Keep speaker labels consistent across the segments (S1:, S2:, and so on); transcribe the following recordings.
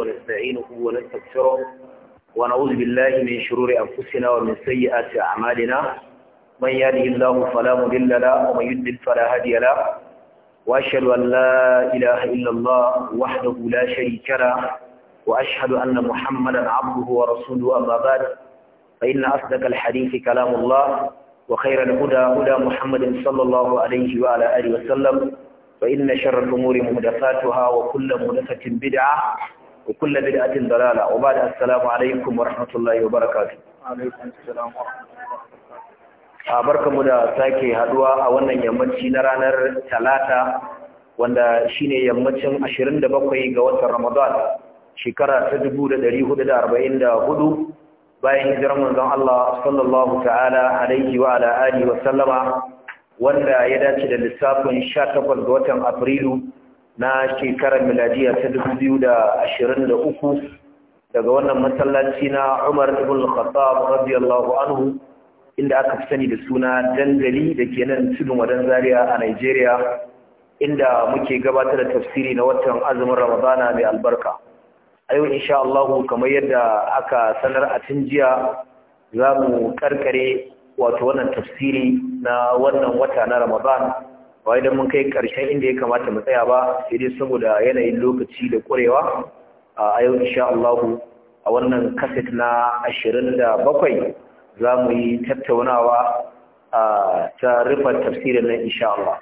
S1: ونستعينه ونستغفره ونعوذ بالله من شرور أنفسنا ومن سيئات أعمالنا من يهده الله فلا مضل له ومن يضلل فلا هادي له وأشهد أن لا إله إلا الله وحده لا شريك له وأشهد أن محمدا عبده ورسوله أما بعد فإن أصدق الحديث كلام الله وخير الهدى هدى محمد صلى الله عليه وعلى آله وسلم فإن شر الأمور مهدفاتها وكل مهدفة بدعة وكل بدعة ضلالة وبعد السلام عليكم ورحمة الله وبركاته عليكم
S2: السلام ورحمة الله
S1: barkanmu da sake haduwa a wannan yammaci na ranar talata wanda shine yammacin 27 ga watan Ramadan shekara ta 1444 bayan hijirar manzon Allah sallallahu ta'ala alaihi wa ala alihi wa sallama wanda ya dace da lissafin 18 ga watan Afrilu na shekarar miladiya ta dubu 2023 daga wannan masallaci na Umar ibn Khattab radiyallahu anhu inda aka fi sani da suna dandali da ke nan tudun wadan zaria a Nigeria inda muke gabatar da tafsiri na watan azumin Ramadana mai albarka a yau insha Allah kamar yadda aka sanar a tun jiya za mu karkare wato wannan tafsiri na wannan wata na Ramadana. ba idan mun kai ƙarshen inda ya kamata mu tsaya ba sai dai saboda yanayin lokaci da ƙurewa a yau insha Allah a wannan kaset na 27 za mu yi tattaunawa ta rufe tafsirin nan insha Allah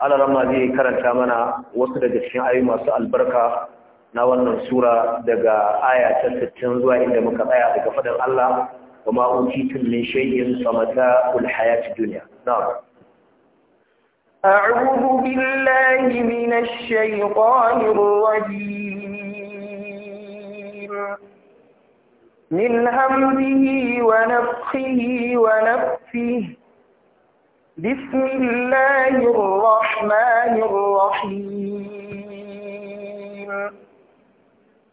S1: Allah rama zai karanta mana wasu daga cikin ayoyi masu albarka na wannan sura daga aya ta 60 zuwa inda muka tsaya daga fadar Allah kuma ma utitum min shay'in samata, ul hayatid dunya
S2: أعوذ بالله من الشيطان الرجيم من همزه ونفخه ونفثه بسم الله الرحمن الرحيم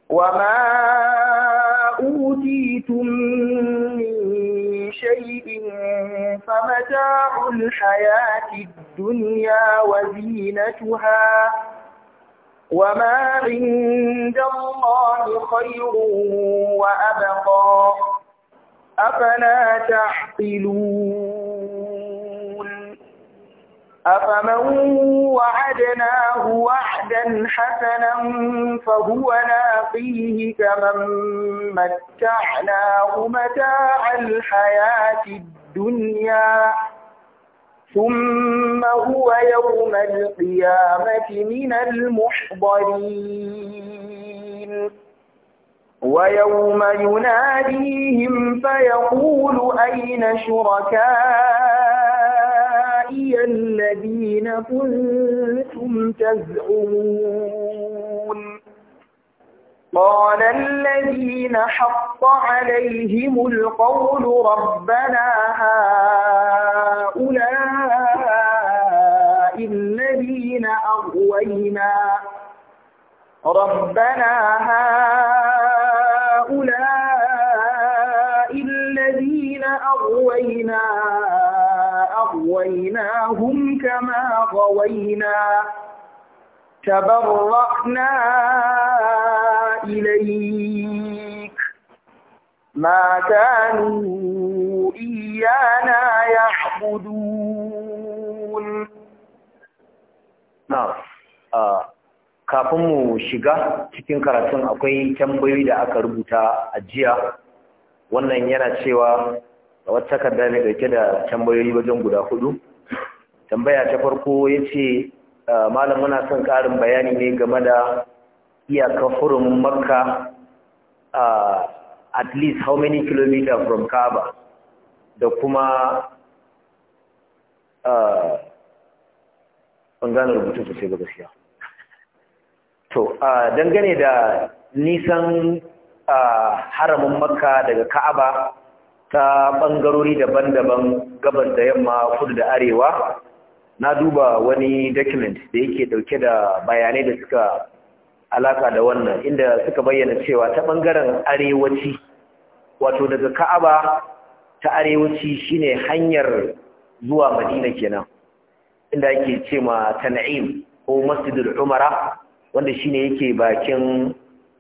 S2: وما أوتيتم فمتاع الحياة الدنيا وزينتها وما عند الله خير وأبقى أفلا تعقلون أفمن وعدناه وعدا حسنا فهو لاقيه كمن متعناه متاع الحياة الدنيا الدنيا ثم هو يوم القيامة من المحضرين
S3: ويوم
S2: يناديهم فيقول أين شركائي الذين كنتم تزعمون قال الذين حق عليهم القول ربنا هؤلاء الذين أغوينا ربنا هؤلاء الذين أغوينا أغويناهم كما غوينا تبرأنا إليك ما كانوا إيانا يعبدون
S1: نعم kafin mu shiga cikin karatun akwai tambayoyi da aka rubuta a jiya wannan yana cewa a wata takarda ne dauke da tambayoyi wajen guda hudu tambaya ta farko ya ce malam muna son karin bayani ne game da iyakar furin makka uh, at least how many kilometers from kaaba da kuma ban gane su sosai gaba gaskiya to dangane da nisan haramin makka daga ka'aba ta bangarori daban-daban gabas da yamma kudu da arewa na duba wani document da yake ɗauke da bayanai da suka alaka da wannan inda suka bayyana cewa ta bangaren arewaci wato daga Ka'aba ta arewaci shine hanyar zuwa Madina kenan inda yake ce ma Tan'im ko Masjidul Umara wanda shine yake bakin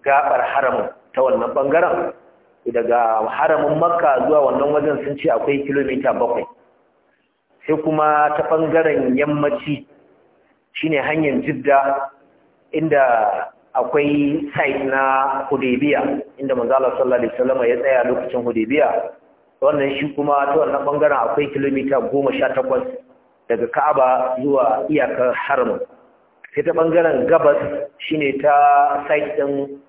S1: gabar haramin ta wannan bangaren daga haramin Makka zuwa wannan wajen sun ce akwai kilomita bakwai sai kuma ta bangaren yammaci shine hanyar Jidda inda akwai site na Hudaybiyah inda manzo Allah sallallahu alaihi wasallam ya tsaya lokacin Hudaybiyah wannan shi kuma ta wannan bangaren akwai kilomita goma sha takwas daga Ka'aba zuwa iyakar Haram sai ta bangaren gabas shine ta site din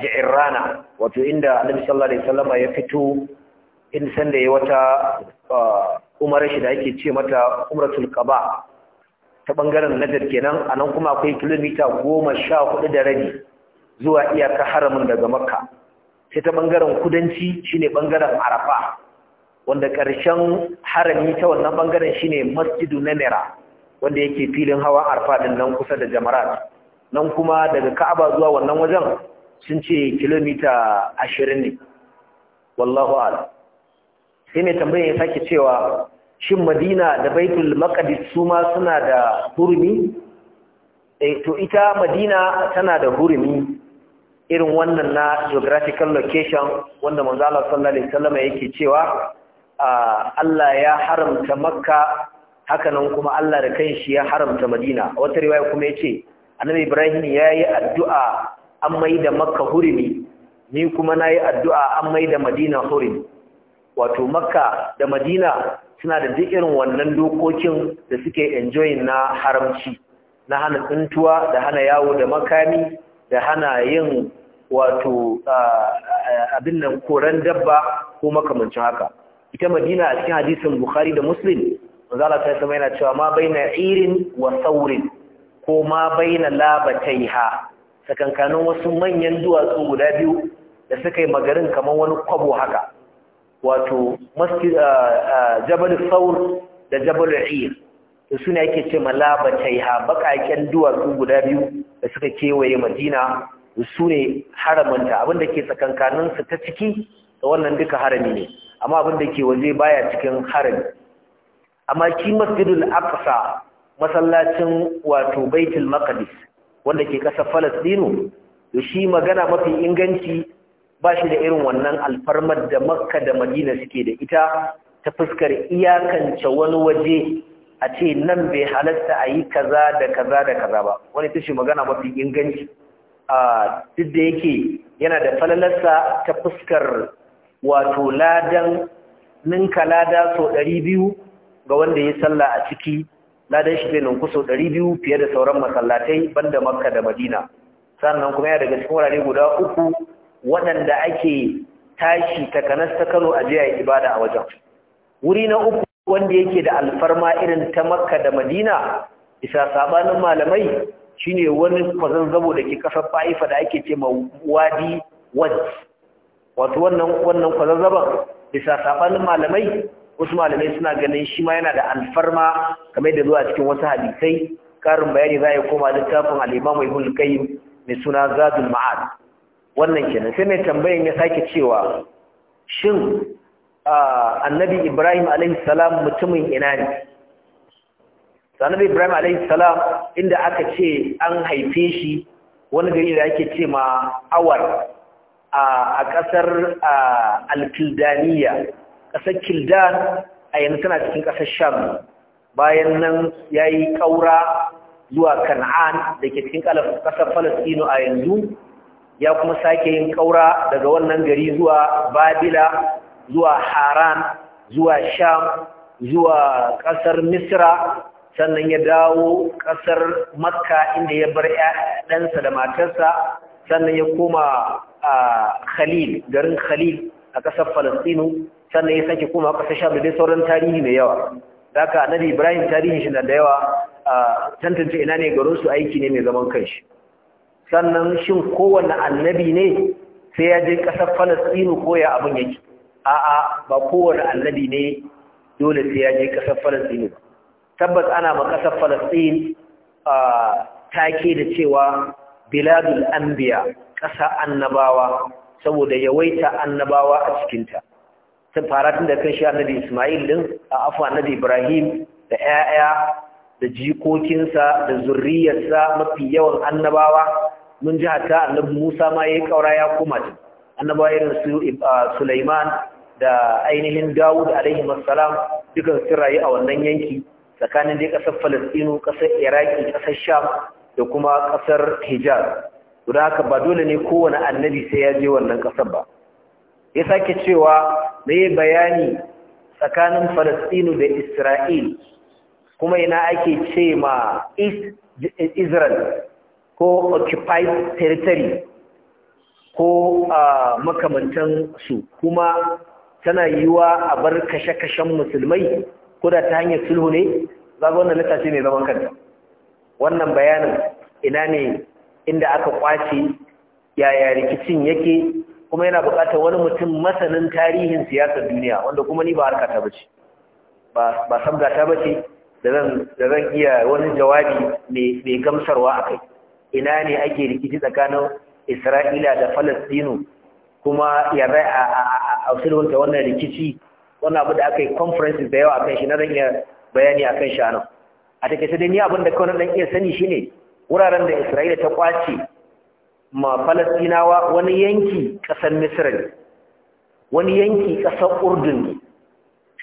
S1: Ji'rana wato inda Annabi sallallahu alaihi wasallam ya fito in sanda ya wata umar shi da ake ce mata umratul qaba ta ɓangaren najar kenan a nan kuma akwai kilomita goma sha hudu da rabi zuwa iyaka haramin daga makka sai ta ɓangaren kudanci shine ɓangaren arafa wanda ƙarshen harami ta wannan ɓangaren shine masjidu na naira wanda yake filin hawa arafa din nan kusa da jamarat nan kuma daga ka'aba zuwa wannan wajen sun ce kilomita ashirin ne wallahu ala sai mai tambayar ya sake cewa shin madina da baitul maqdis su ma suna da hurumi eh to ita madina tana da hurumi irin wannan na geographical location wanda manzo Allah sallallahu alaihi wasallam yake cewa ah, Allah ya haramta makka hakanan kuma Allah da kanshi ya haramta madina wata riwaya kuma yace annabi ibrahim ya yi addu'a an maida makka hurumi ni kuma nayi addu'a an maida madina hurumi wato makka da madina suna da duk irin wannan dokokin da suke enjoying na haramci na hana tsintuwa da hana yawo da makami da hana yin wato abin nan koran dabba ko makamancin haka ita madina a cikin hadisin bukhari da muslim zala ta sama yana cewa ma baina irin wa saurin ko ma baina labataiha sakankanin wasu manyan duwatsu guda biyu da suka yi magarin kamar wani kwabo haka wato masjid jabal saur da jabal ir to suna yake ce malabataiha bakaken duwatsu guda biyu da suka kewaye madina su ne haramanta abinda ke tsakankaninsu ta ciki da wannan duka harami ne amma abinda ke waje baya cikin harami amma ki masjidul aqsa masallacin wato baitul maqdis wanda ke kasar falastinu to shi magana mafi inganci ba shi da irin wannan alfarmar da makka da madina suke da ita ta fuskar iyakance wani waje a ce nan bai halatta a yi kaza da kaza da kaza ba wani tashi magana mafi inganci a duk da yake yana da falalarsa ta fuskar wato ladan ninka lada sau ɗari biyu ga wanda ya salla a ciki ladan shi zai ninku sau ɗari biyu fiye da sauran masallatai banda makka da madina sannan kuma yana daga cikin wurare guda uku waɗanda ake tashi takanas ta Kano a jiya ibada a wajen wuri na uku wanda yake da alfarma irin ta Makka da Madina isa sabanin malamai shine wani kwazazzabo da ke kasar Faifa da ake ce ma Wadi Wad wato wannan wannan kwazazzaban bisa sabanin malamai wasu malamai suna ganin shi ma yana da alfarma kamar da zuwa cikin wasu hadisai karin bayani za ya koma littafin al-Imam Ibn Qayyim mai suna Zadul Ma'ad wannan kenan sai mai tambayan ya sake cewa shin annabi ibrahim alaihissalam mutumin ina ne annabi ibrahim alaihissalam inda aka ce an haife shi wani gari da ake ce ma awar a ƙasar alkildaniya ƙasar kildan a yanzu tana cikin kasar sham bayan nan ya yi ƙaura zuwa kan'an da ke cikin kasar falasino a yanzu ya kuma sake yin kaura daga wannan gari zuwa babila zuwa haran zuwa sham zuwa ƙasar misra sannan ya dawo ƙasar makka inda ya bar ɗansa da matarsa sannan ya koma a khalil garin khalil a ƙasar falastinu sannan ya sake koma ƙasar sham da dai sauran tarihi mai yawa daga annabi ibrahim tarihin shi na da yawa tantance ina ne garinsu aiki ne mai zaman kanshi sannan shin kowane annabi ne sai ya je ƙasar falastinu ko ya abin yake a'a ba kowane annabi ne dole sai ya je ƙasar falastinu ba tabbas ana ma ƙasar falastin take da cewa biladul anbiya ƙasa annabawa saboda yawaita annabawa a cikinta ta fara tun da kan shi annabi ismail din a afu annabi ibrahim da 'ya'ya da jikokinsa da zurriyarsa mafi yawan annabawa mun ji hatta annabi Musa ma yayi kaura ya koma din annaba irin su uh, Sulaiman da ainihin Dawud alaihi assalam duka sun rayu a wannan yanki tsakanin dai kasar Falastinu kasar Iraki kasar Sham da kuma kasar Hijaz don haka ba dole ne kowanne annabi sai ya je wannan kasar ba ya sake cewa mai bayani tsakanin Falastinu da Isra'il kuma ina ake ce ma Israel ko occupied territory ko makamantan su kuma tana yiwuwa a bar kashe-kashen musulmai ko da ta hanyar sulhu ne za ga wannan littafi mai zaman kanta wannan bayanin ina ne inda aka kwace yaya rikicin yake kuma yana bukatar wani mutum masanin tarihin siyasar duniya wanda kuma ni ba harka ta bace ba ba bace da zan iya wani jawabi mai gamsarwa a kai. ina ne ake rikici tsakanin isra'ila da falastinu kuma ya rai a ta wannan rikici wannan abu da aka yi conference da yawa akan shi na ranya iya bayani akan shi anan a sai dai ni abin da kawai dan iya sani shine wuraren da isra'ila ta kwace ma falastinawa wani yanki kasar misra ne wani yanki kasar urdun ne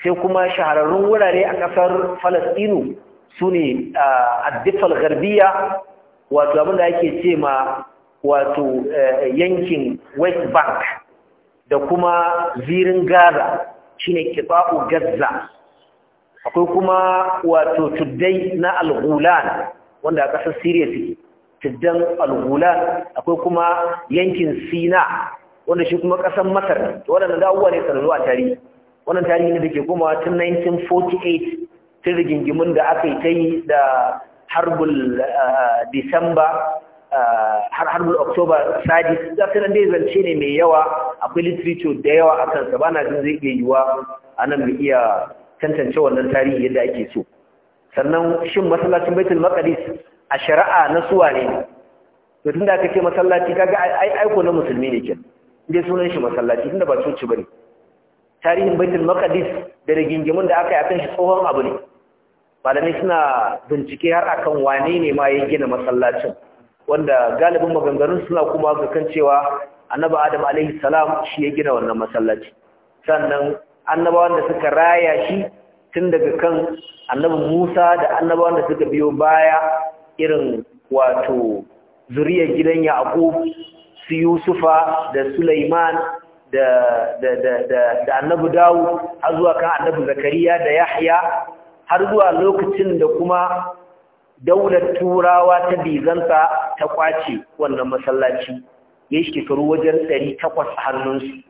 S1: sai kuma shahararrun wurare a kasar falastinu su ne addifal garbiya wato abin da ake ce ma wato eh, yankin west bank da kuma zirin gaza shine kitsa'u gaza akwai kuma wato tuddai na al-gulan wanda a ƙasar syria suke tuddan al-gulan akwai kuma yankin sina wanda shi kuma ƙasar masar waɗanda dawuwa ne sanarwa a tarihi wannan tarihi ne da ke komawa tun 1948 tun rigingimin da aka yi ta yi da harbul eh, disamba eh, har harbul oktoba sadis da dai zance ne mai yawa akwai literature da yawa a sa bana jin zai iya yiwa a mu iya tantance wannan tarihi yadda ake so sannan shin masallacin baitul maqdis a shari'a na suwa ne to tunda aka ce masallaci kaga ai aiko na musulmi ne kin dai sunan shi masallaci tunda ba coci bane tarihin baitul maqdis da rigingimun da aka yi akan shi tsohon abu ne malamai suna bincike har akan wane ne ma ya gina masallacin wanda galibin maganganun suna kuma ga kan cewa annaba adam alaihi salam shi ya gina wannan masallaci sannan annabawan da suka raya shi tun daga kan annabi Musa da annabawan da suka biyo baya irin wato zuriyar gidan Yaqub su Yusufa da Sulaiman da da da da, annabi dawu har zuwa kan annabi Zakariya da Yahya har zuwa lokacin da kuma daular turawa ta bizanta ta kwace wannan masallaci ya yi shekaru wajen 800 a hannunsu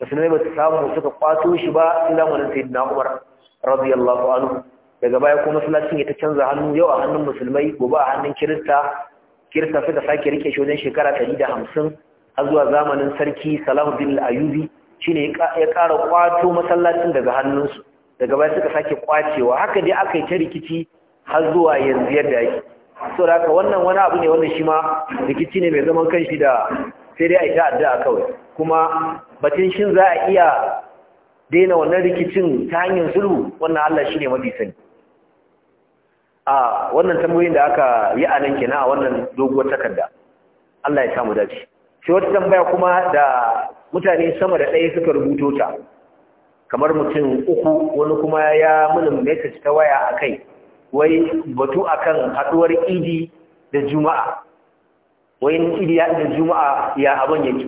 S1: musulmai ba su samu suka kwato shi ba sun zamanin sai na umar radiyallahu anhu daga baya kuma masallacin ya ta canza hannu yau a hannun musulmai gobe a hannun kirista kirista suka sake rike shi wajen shekara da hamsin, har zuwa zamanin sarki salahuddin al-ayubi shine ya kara kwato masallacin daga hannunsu daga baya suka sake kwacewa haka dai aka yi ta rikici har zuwa yanzu yadda yake Sau da haka wannan wani abu ne wannan shi ma rikici ne mai zaman kanshi da sai dai a yi ta addu'a kawai kuma batun shin za a iya daina wannan rikicin ta hanyar sulhu wannan Allah shi ne mafi sani a wannan tambayoyin da aka yi a nan kenan a wannan doguwar takarda Allah ya samu dace sai wata tambaya kuma da mutane sama da ɗaya suka rubuto ta kamar mutum uku wani kuma ya mini message ta waya a kai wai batu akan haduwar idi da juma'a wai idi ya da juma'a ya abin yake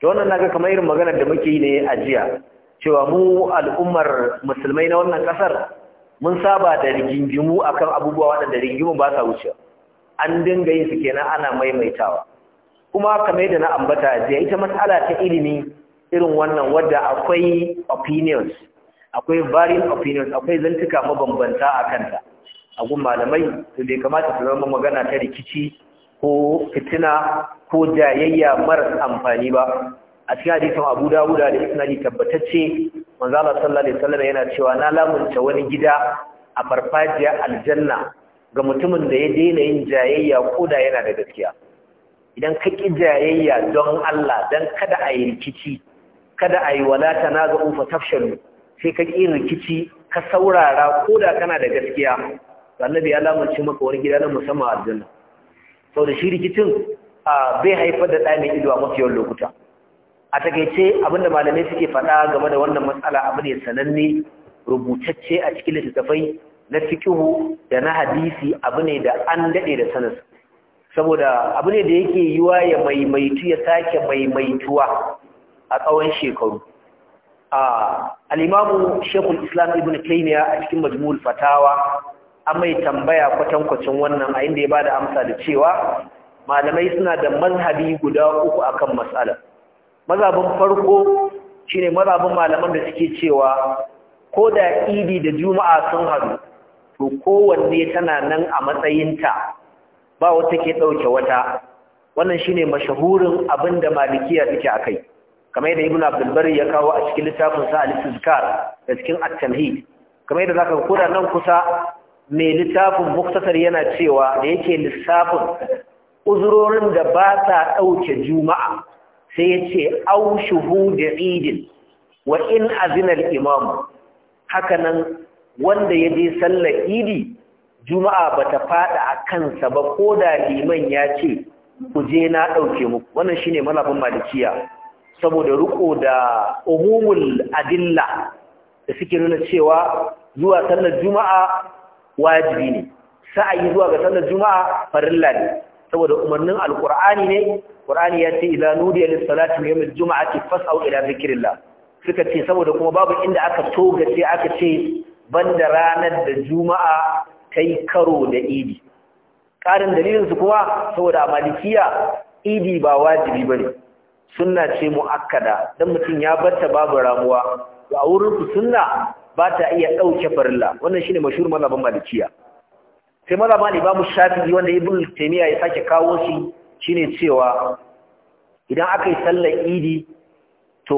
S1: ta wannan naga kamar irin magana da muke yi ne a jiya cewa mu al'ummar musulmai na wannan ƙasar? mun saba da rigingimu akan abubuwa waɗanda rigingimu ba sa wuce an dinga yin su kenan ana maimaitawa kuma kamar yadda na ambata jiya ita matsala ta ilimi irin wannan wadda akwai opinions akwai varying opinions akwai zantuka mabambanta a kanta a gun malamai to bai kamata su zama magana ta rikici ko fitina ko jayayya maras amfani ba a cikin hadisin Abu Dawud da Isnadi tabbatacce manzo Allah sallallahu alaihi wasallam yana cewa na lamunta wani gida a farfajiya aljanna ga mutumin da ya daina yin jayayya ko da yana da gaskiya idan ka ƙi jayayya don Allah don kada a yi rikici kada a yi walata, na ga ufa tafshalu sai ka ƙi rikici ka saurara ko da kana da gaskiya annabi ya lamunci maka wani gida na musamman aljanna sau da shi rikicin bai haifar da ɗaya mai ido a mafiyar lokuta a takaice abinda malamai suke faɗa game da wannan matsala abu ne sananne rubutacce a cikin littattafai na fikihu da na hadisi abu ne da an daɗe da sanar saboda abu ne da yake yiwa ya maimaitu ya sake maimaituwa a tsawon shekaru al'imamu shekul islam ibn Kainiya a cikin majmul fatawa an mai tambaya kwatankwacin wannan a inda ya ba da amsa da cewa malamai suna da mazhabi guda uku akan matsala Mazabin farko shine mazabin malaman da suke cewa ko da idi da juma'a sun haɗu to kowanne tana nan a matsayinta ba wata ke ɗauke wata wannan shine mashahurin abin da malikiya suke a kai kamar yadda ibn abdul bari ya kawo a cikin littafin sa al-istizkar da cikin at-tamhid kamar yadda zaka koda nan kusa mai littafin muktasar yana cewa da yake lissafin uzurorin da ba sa dauke juma'a sai yace au shuhud eid wa in azina al-imam haka nan wanda ya je sallar idi juma'a bata fada a kansa ba ko da liman ya ce ku je na dauke muku wannan shine malamin malikiya saboda riko da umumul adilla da suke nuna cewa zuwa sallar juma'a wajibi ne sa'ayi zuwa ga sallar juma'a farilla ne saboda umarnin alqur'ani ne qur'ani ya ce idan nudiya lis-salati min yawmil juma'ati fas'au ila zikrillah suka ce saboda kuma babu inda aka toga sai aka ce banda ranar da juma'a kai karo da idi ƙarin su kuma saboda malikiya idi ba wajibi bane sunna ce muakkada dan mutum ya barta babu ramuwa a wurin ku sunna ba ta iya dauke farilla wannan shine mashhur mazhaban malikiya sai mazhaban bamu shafi'i wanda ibnu taymiya ya sake kawo shi shine cewa idan aka yi sallar idi to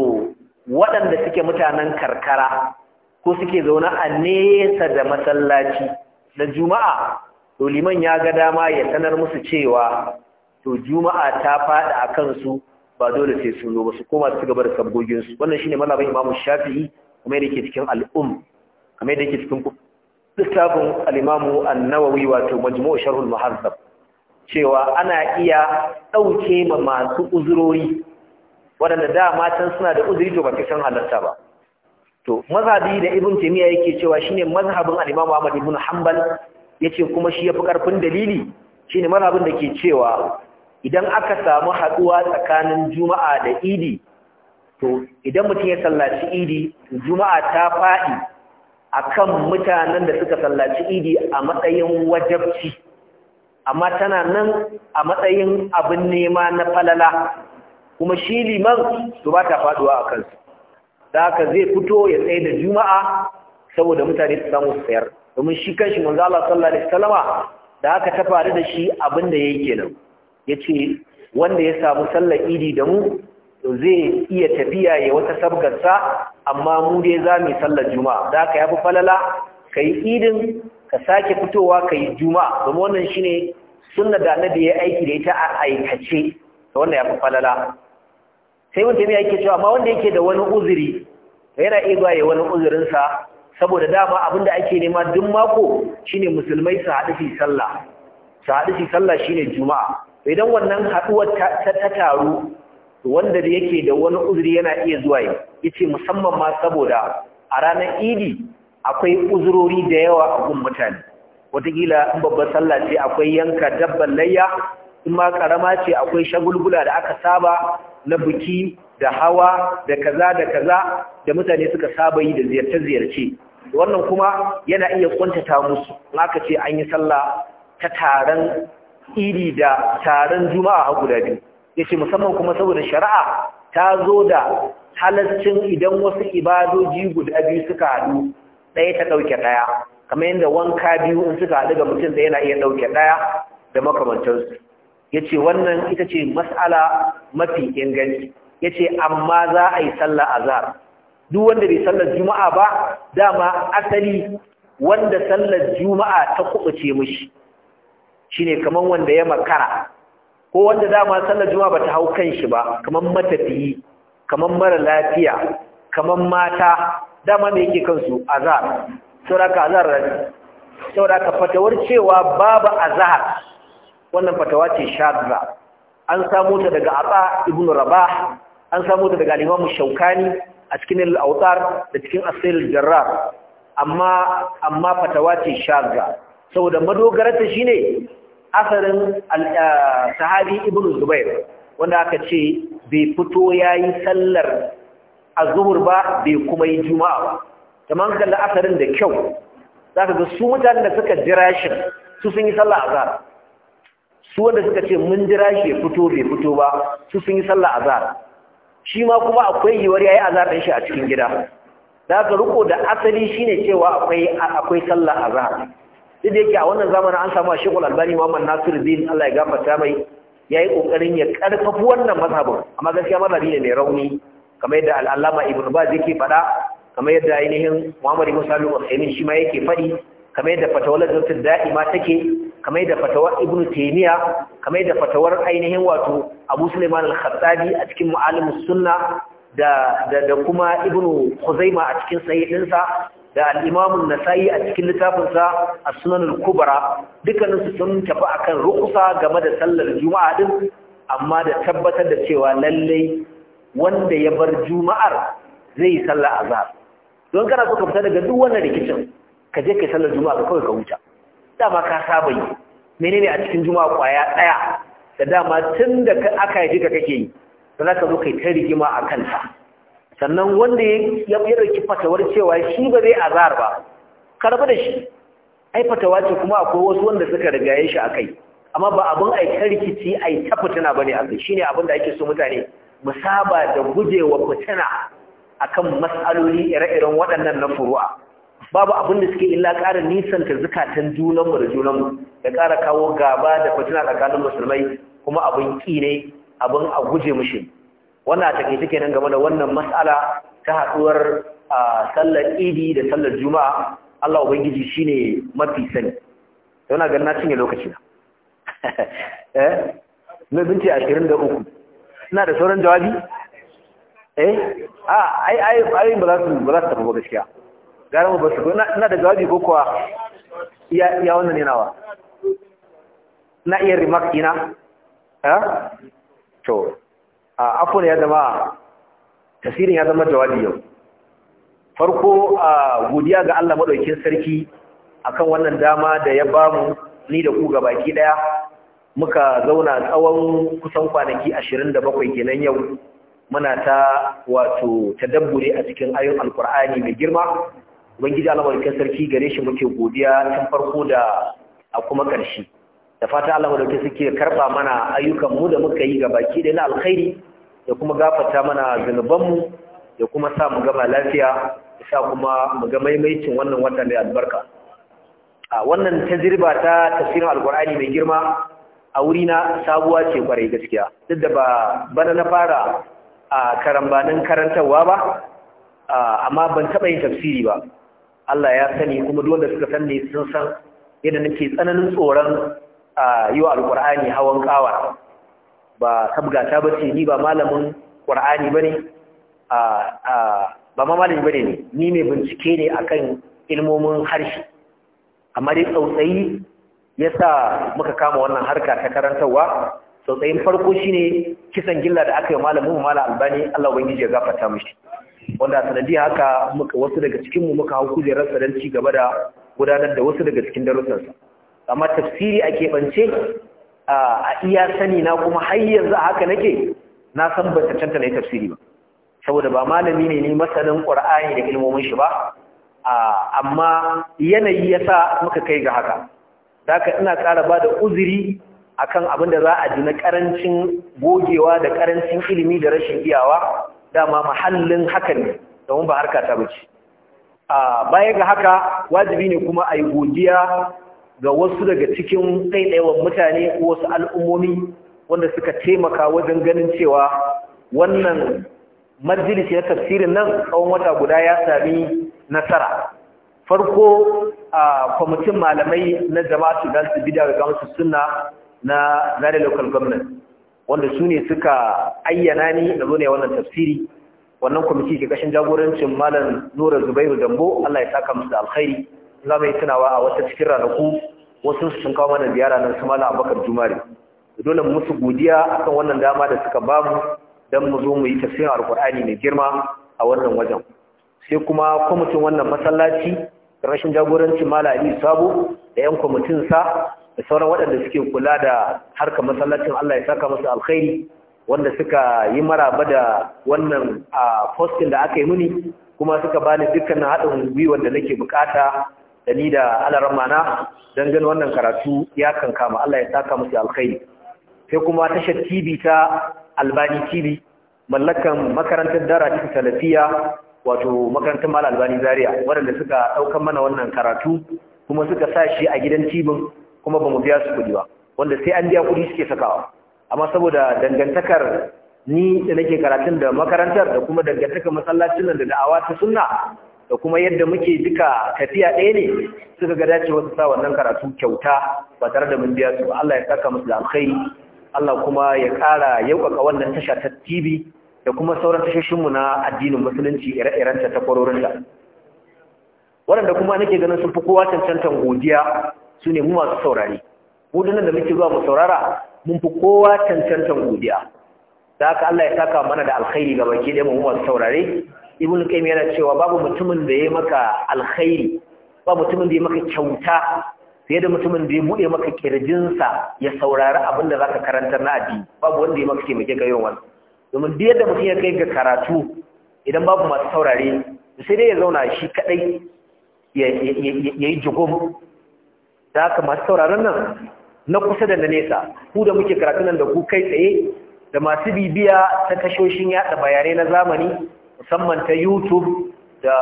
S1: waɗanda suke mutanen karkara ko suke zauna a nesa da masallaci da juma'a to liman ya ga dama ya sanar musu cewa to juma'a ta faɗi a kansu ba dole sai sun zo ba su koma su gaba da sabgoginsu wannan shine mazhabin Imam Shafi'i kuma yadda yake cikin al'um kamar yadda yake cikin littafin al-Imam an wato majmu'u sharhul al cewa ana iya ɗauke ma masu uzurori Wadanda da matan suna da uzuri to ba san halarta ba to mazhabi da Ibn taymiya yake cewa shine mazhabin al-Imam Ahmad ibn Hanbal yace kuma shi yafi karfin dalili shine mazhabin da ke cewa idan aka samu haduwa tsakanin juma'a da idi to idan mutum ya sallaci idi juma'a ta fadi akan mutanen da suka sallaci idi a matsayin wajabci amma tana nan a matsayin abin nema na falala kuma shi liman su ba ta faduwa a kansu da haka zai fito ya tsaye da juma'a saboda mutane su samu sayar domin shi kanshi manzo sallallahu alaihi wasallama da haka ta faru da shi abin da yake nan. ya ce wanda ya samu sallar idi da mu zai iya tafiya ya wata sabgarsa amma mu dai za mu yi sallar juma'a da ka yafi falala ka yi idin ka sake fitowa ka yi juma'a domin wannan shi ne sunna da annabi ya aiki da ita a aikace da wannan yafi falala sai mun tafiya yake cewa amma wanda yake da wani uzuri yana iya ya wani uzurinsa saboda dama abin da ake nema duk mako shine musulmai su haɗu fi sallah su haɗu fi sallah shine juma'a idan wannan haɗuwar ta taru wanda da yake da wani uzuri yana iya zuwa yi yace musamman ma saboda a ranar idi akwai uzurori da yawa a gun mutane wataƙila in babbar sallah ce akwai yanka dabban layya in ma karama ce akwai shagulgula da aka saba na biki da hawa da kaza da kaza da mutane suka saba yi da ziyarce-ziyarce wannan kuma yana iya kwantata musu in aka ce an yi sallah ta taron iri da taron juma'a har guda biyu ce musamman kuma saboda shari'a ta zo da halaccin idan wasu ibadoji guda biyu suka haɗu ɗaya ta ɗauke ɗaya kamar yadda wanka biyu in suka haɗu ga mutum da yana iya ɗauke ɗaya da Ya ce wannan ita ce mas'ala mafi inganci Ya ce amma za a yi sallah a zar. duk wanda bai sallar juma'a ba dama asali wanda sallar juma'a ta kuɓuce mishi shine kaman wanda ya makara ko wanda dama sallar ba ta hau kan shi ba kaman matafiyi kaman mara lafiya kaman mata dama me yake kansu azar sauraka azar sauraka fatawar cewa babu azar wannan fatawa ce shadda an samu ta daga Aba ibn Rabah an samu ta daga limamu Shaukani a cikin al-Awtar da cikin Asir al-Jarrar amma amma fatawa ce shadda saboda ta shine asarin sahabi ibn zubair wanda aka ce bai fito yayi sallar azhur ba bai kuma yi juma'a ba kaman kalla asarin da kyau zaka ga su mutanen da suka jira shi su sun yi sallar azhar su wanda suka ce mun jira shi ya fito bai fito ba su sun yi sallar azhar shi ma kuma akwai yiwuwar yayi azhar din shi a cikin gida zaka riko da asali shine cewa akwai akwai sallar azhar duk da yake a wannan zamanin an samu a shekul albani muhammad nasir zin allah ya gafarta mai ya yi ƙoƙarin ya ƙarfafi wannan mazhabin amma gaskiya mazhabi ne mai rauni kamar yadda al'allama ibn baz yake faɗa kamar yadda ainihin muhammad ibn salu al shi ma yake faɗi kamar yadda fatawar zartar da'ima take kamar yadda fatawar ibn taimiya kamar yadda fatawar ainihin wato abu suleiman al-khattabi a cikin mu'alimus sunna da da kuma ibn khuzaima a cikin sahih da al'imamun nasa'i a cikin littafinsa a sunanin kubara dukkaninsu sun tafi akan rukusa game da sallar juma'a din amma da tabbatar da cewa lallai wanda ya bar juma'ar zai sallar azhar don kana suka fita daga duk wannan rikicin ka je kai sallar juma'a kawai ka wuta dama ka saba yi menene a cikin juma'a kwaya ɗaya? da dama tun da aka yi ka kake yi za ka zo kai ta rigima a kanta sannan wanda ya ɗauki fatawar cewa shi ba zai azar ba karba da shi ai fatawa ce kuma akwai wasu wanda suka rigaye shi akai amma ba abin ai karkici ai ta fitina bane a kai shine abin da ake so mutane mu saba da gujewa fitina akan mas'aloli ire-iren waɗannan na furu'a babu abin da suke illa ƙara nisanta zukatan junanmu da junanmu da ƙara kawo gaba da fitina tsakanin musulmai kuma abin ƙi ne abin a guje mushi wannan a take take nan game da wannan mas'ala ta haɗuwar sallar idi da sallar juma'a Allah ubangiji shine mafi sani na ganin na cinye lokaci na eh na binci 23 ina da sauran jawabi eh a ai ai ai ba za su ba za su tafi ba gaskiya gara mu ba su ina da jawabi ko kuwa ya ya wannan ne nawa na iya remark ina eh to a afon ya zama tasirin ya zama jawabi yau farko a godiya ga Allah madaukakin sarki akan wannan dama da ya bamu ni da ku gabaki ɗaya, muka zauna tsawon kusan kwanaki ashirin da 27 kenan yau muna ta wato tadabbure a cikin ayoyin alkur'ani mai girma ubangiji Allah madaukakin sarki gare shi muke godiya tun farko da a kuma ƙarshe da fata Allah madaukakin sarki ya karba mana ayyukan mu da muka yi ga baki ɗaya na alkhairi ya kuma gafata mana zunubanmu ya kuma sa mu gama lafiya ya sa kuma mu ga maimaicin wannan wata mai albarka a wannan tajriba ta tafsirin alkur'ani mai girma a wuri na sabuwa ce kwarai gaskiya duk da ba bana na fara a karambanin karantarwa ba amma ban taɓa yin tafsiri ba Allah ya sani kuma duk wanda suka san ne sun san yadda nake tsananin tsoron yi wa alkur'ani hawan ƙawa. ba sabgata ba ce ni ba malamin ƙwar'ani ba ne ba ma ba ni mai bincike ne akan ilmomin harshe amma dai tsautsayi ya sa muka kama wannan harka ta karantarwa tsautsayin farko shine kisan gilla da aka yi malamin mala albani Allah ubangiji ya gafarta mishi wanda sanadiya haka muka wasu daga cikin muka hau kujerar sadan ci gaba da gudanar da wasu daga cikin darussansa amma tafsiri a keɓance a iya sani na kuma har yanzu haka nake na san ba ta na yi tafsiri ba saboda ba malami ne ni masanin qur'ani da ilmomin shi ba amma yanayi yasa muka kai ga haka daga ina ƙara ba da uzuri akan abin da za a ji na ƙarancin gogewa da ƙarancin ilimi da rashin iyawa dama mahallin haka ne domin ba harka ta bace baya ga haka wajibi ne kuma a godiya ga wasu daga cikin ɗaiɗaiwan mutane ko wasu al'ummomi wanda suka taimaka wajen ganin cewa wannan majalisi na tafsirin nan tsawon wata guda ya sami nasara farko a kwamitin malamai na jama'a su su bida ga gamsu suna na zare local government wanda su ne suka ayyana ni da zo ne wannan tafsiri wannan kwamiti ke kashin jagorancin malam nura zubairu dambo allah ya saka musu da alkhairi za mu yi tunawa a wata cikin ranaku wasu sun kawo mana ziyara nan su mala abakar jumari dole mu musu godiya akan wannan dama da suka ba mu don mu zo mu yi tafsirin alkur'ani mai girma a wannan wajen sai kuma kwamitin wannan masallaci rashin jagorancin mala ali sabo da yan kwamitin sa da sauran waɗanda suke kula da harkar masallacin Allah ya saka musu alkhairi wanda suka yi maraba da wannan a postin da aka yi muni kuma suka bani dukkanin haɗin gwiwar da nake bukata Dani da alaran mana don gani wannan karatu ya kankama Allah ya saka musu alkhairi sai kuma tashar TV ta Albani TV mallakan makarantar dara ta talafiya wato makarantar Mal Albani Zaria waɗanda suka ɗaukar mana wannan karatu kuma suka sa shi a gidan tibin kuma ba mu biya su kuɗi ba wanda sai an biya kuɗi suke sakawa amma saboda dangantakar ni da nake karatun da makarantar da kuma dangantakar masallacin nan da da'awa ta sunna da kuma yadda muke duka tafiya ɗaya ne suka ga dace wasu sa wannan karatu kyauta ba tare da mun biya su Allah ya saka musu da alkhairi Allah kuma ya ƙara yaukaka wannan tasha ta TV da kuma sauran tashoshinmu na addinin musulunci ire-irenta ta da Waɗanda kuma nake ganin sun fi kowa cancantan godiya su ne mu masu saurari. Mu da muke zuwa mu saurara mun fi kowa cancantan godiya. Da haka Allah ya saka mana da alkhairi ga baki da mu masu saurare ibn qayyim yana cewa babu mutumin da ya maka alkhairi babu mutumin da ya maka kyauta fiye da mutumin da ya bude maka kirjinsa ya saurari abin da zaka karanta na addini babu wanda ya maka taimake ga yawan domin duk yadda mutum ya kai ga karatu idan babu masu saurare sai dai ya zauna shi kadai ya yi da haka masu sauraron nan na kusa da na nesa ku da muke karatu nan da ku kai tsaye da masu bibiya ta tashoshin yada bayanai na zamani musamman ta youtube da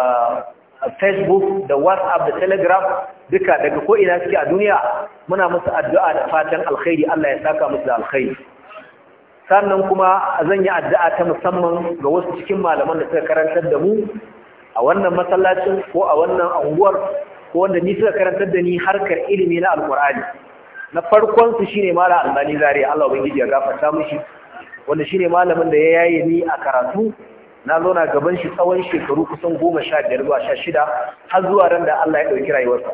S1: facebook da whatsapp da telegram duka daga ko'ina suke a duniya muna musu addu'a da fatan alkhairi Allah ya saka musu da alkhairi sannan kuma zan yi addu'a ta musamman ga wasu cikin malaman da suka karantar da mu a wannan masallacin ko a wannan unguwar ko wanda ni suka karantar da ni harkar ilimi na alkur'ani na farkon su shine malam albani zaria Allah ubangiji ya gafarta mishi wanda shine malamin da ya yaye ni a karatu na zauna gaban shi tsawon shekaru kusan goma sha biyar zuwa sha shida har zuwa ran da Allah ya ɗauki rayuwarsa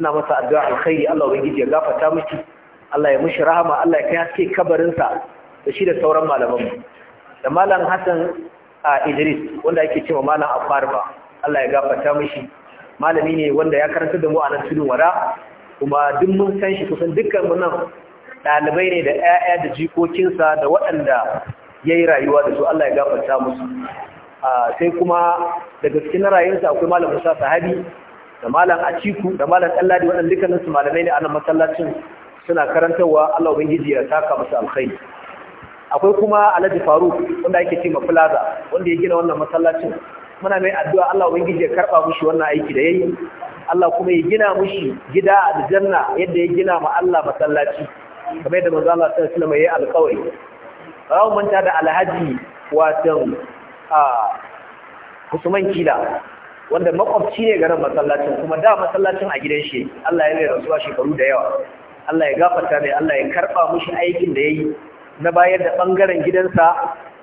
S1: ina masa addu'a alkhairi Allah ubangiji ya gafarta miki. Allah ya mishi rahama Allah ya kai haske kabarinsa da shi da sauran malaman mu da malam Hassan a Idris wanda ake cewa malam Afarba Allah ya gafata mishi malami ne wanda ya karanta da mu a nan cikin wara kuma duk mun san shi kusan dukkan mu nan ɗalibai ne da 'ya'ya da jikokinsa da waɗanda ya yi rayuwa da su Allah ya gafarta musu sai kuma daga cikin rayuwarsa akwai malam musa sahabi da malam aciku da malam ɗalladi waɗanda dukkanin su malamai ne a nan masallacin suna karantarwa Allah ubangiji ya saka musu alkhairi akwai kuma alhaji faruk wanda yake ce plaza wanda ya gina wannan masallacin muna mai addu'a Allah ubangiji ya karɓa mushi wannan aiki da yayi Allah kuma ya gina mushi gida janna yadda ya gina ma Allah masallaci kamar yadda manzo Allah sallallahu alaihi wasallam ya yi alƙawari rawon manta da alhaji watan a usman kila wanda makwabci ne garin masallacin kuma da masallacin a gidan shi Allah ya mai rasuwa shekaru da yawa Allah ya gafata mai Allah ya karba mushi aikin da ya yi na bayar da bangaren gidansa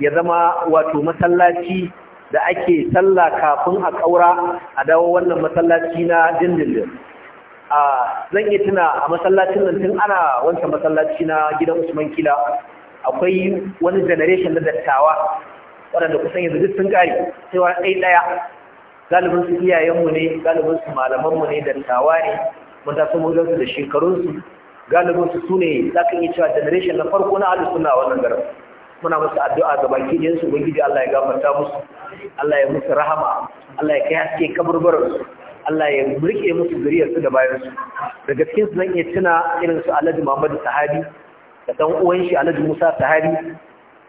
S1: ya zama wato masallaci da ake sallah kafin a ƙaura a dawo wannan masallaci na dindindin zan yi tuna a masallacin nan tun ana wancan masallaci na gidan Usman Kila akwai wani generation na dattawa waɗanda kusan yanzu duk sun kare sai wani ɗai ɗaya galibin su iyayenmu ne galibin su malamanmu ne dattawa ne mun taso mun gansu da shekarunsu galibin su sune za ka iya cewa generation na farko na ahlus sunna wannan garin muna musu addu'a ga baki ɗayan su ubangiji Allah ya gafarta musu Allah ya musu rahama Allah ya kai haske kaburbaran su Allah ya murke musu gariyar su da bayan su daga cikin su zan iya tuna irin su Alhaji Muhammadu Sahabi da ɗan uwan shi alhaji musa tahari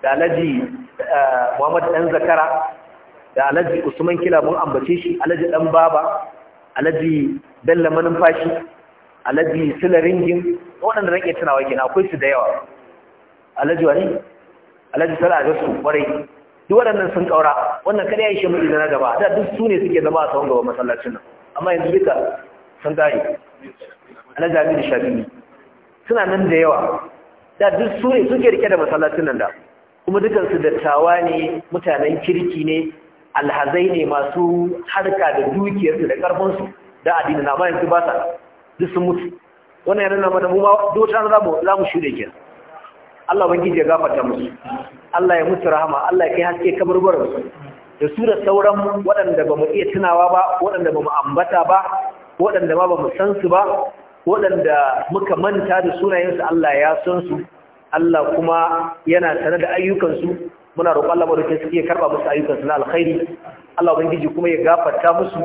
S1: da alhaji eh, muhammad ɗan zakara da alhaji usman kila mun ambace shi alhaji ɗan baba alhaji bello manumfashi alhaji sila ringin waɗanda rage tunawa gina akwai su da yawa alhaji wani alhaji sala da su kwarai duk waɗannan sun ƙaura wannan kada ya yi shi mu na gaba da duk su ne suke zama a tsawon gaba masallacin nan amma yanzu duka sun gari alhaji aminu shabini suna nan da yawa da duk su ne suke rike da masallacin nan da kuma dukansu dattawa ne mutanen kirki ne alhazai ne masu harka da dukiyarsu da ƙarfinsu da addini na amma yanzu ba sa duk sun mutu wannan yana nuna mana mu ma dotan za mu za mu shude ke Allah ban ya gafarta musu Allah ya mutu rahama Allah ya kai haske kaburburan su da su da sauran waɗanda ba mu iya tunawa ba waɗanda ba mu ambata ba waɗanda ba mu san su ba waɗanda muka manta da sunayensu Allah ya san su Allah kuma yana sanar da ayyukansu muna roƙon Allah madaukakin sarki iya karɓa musu ayyukansu na alkhairi Allah ubangiji kuma ya gafarta musu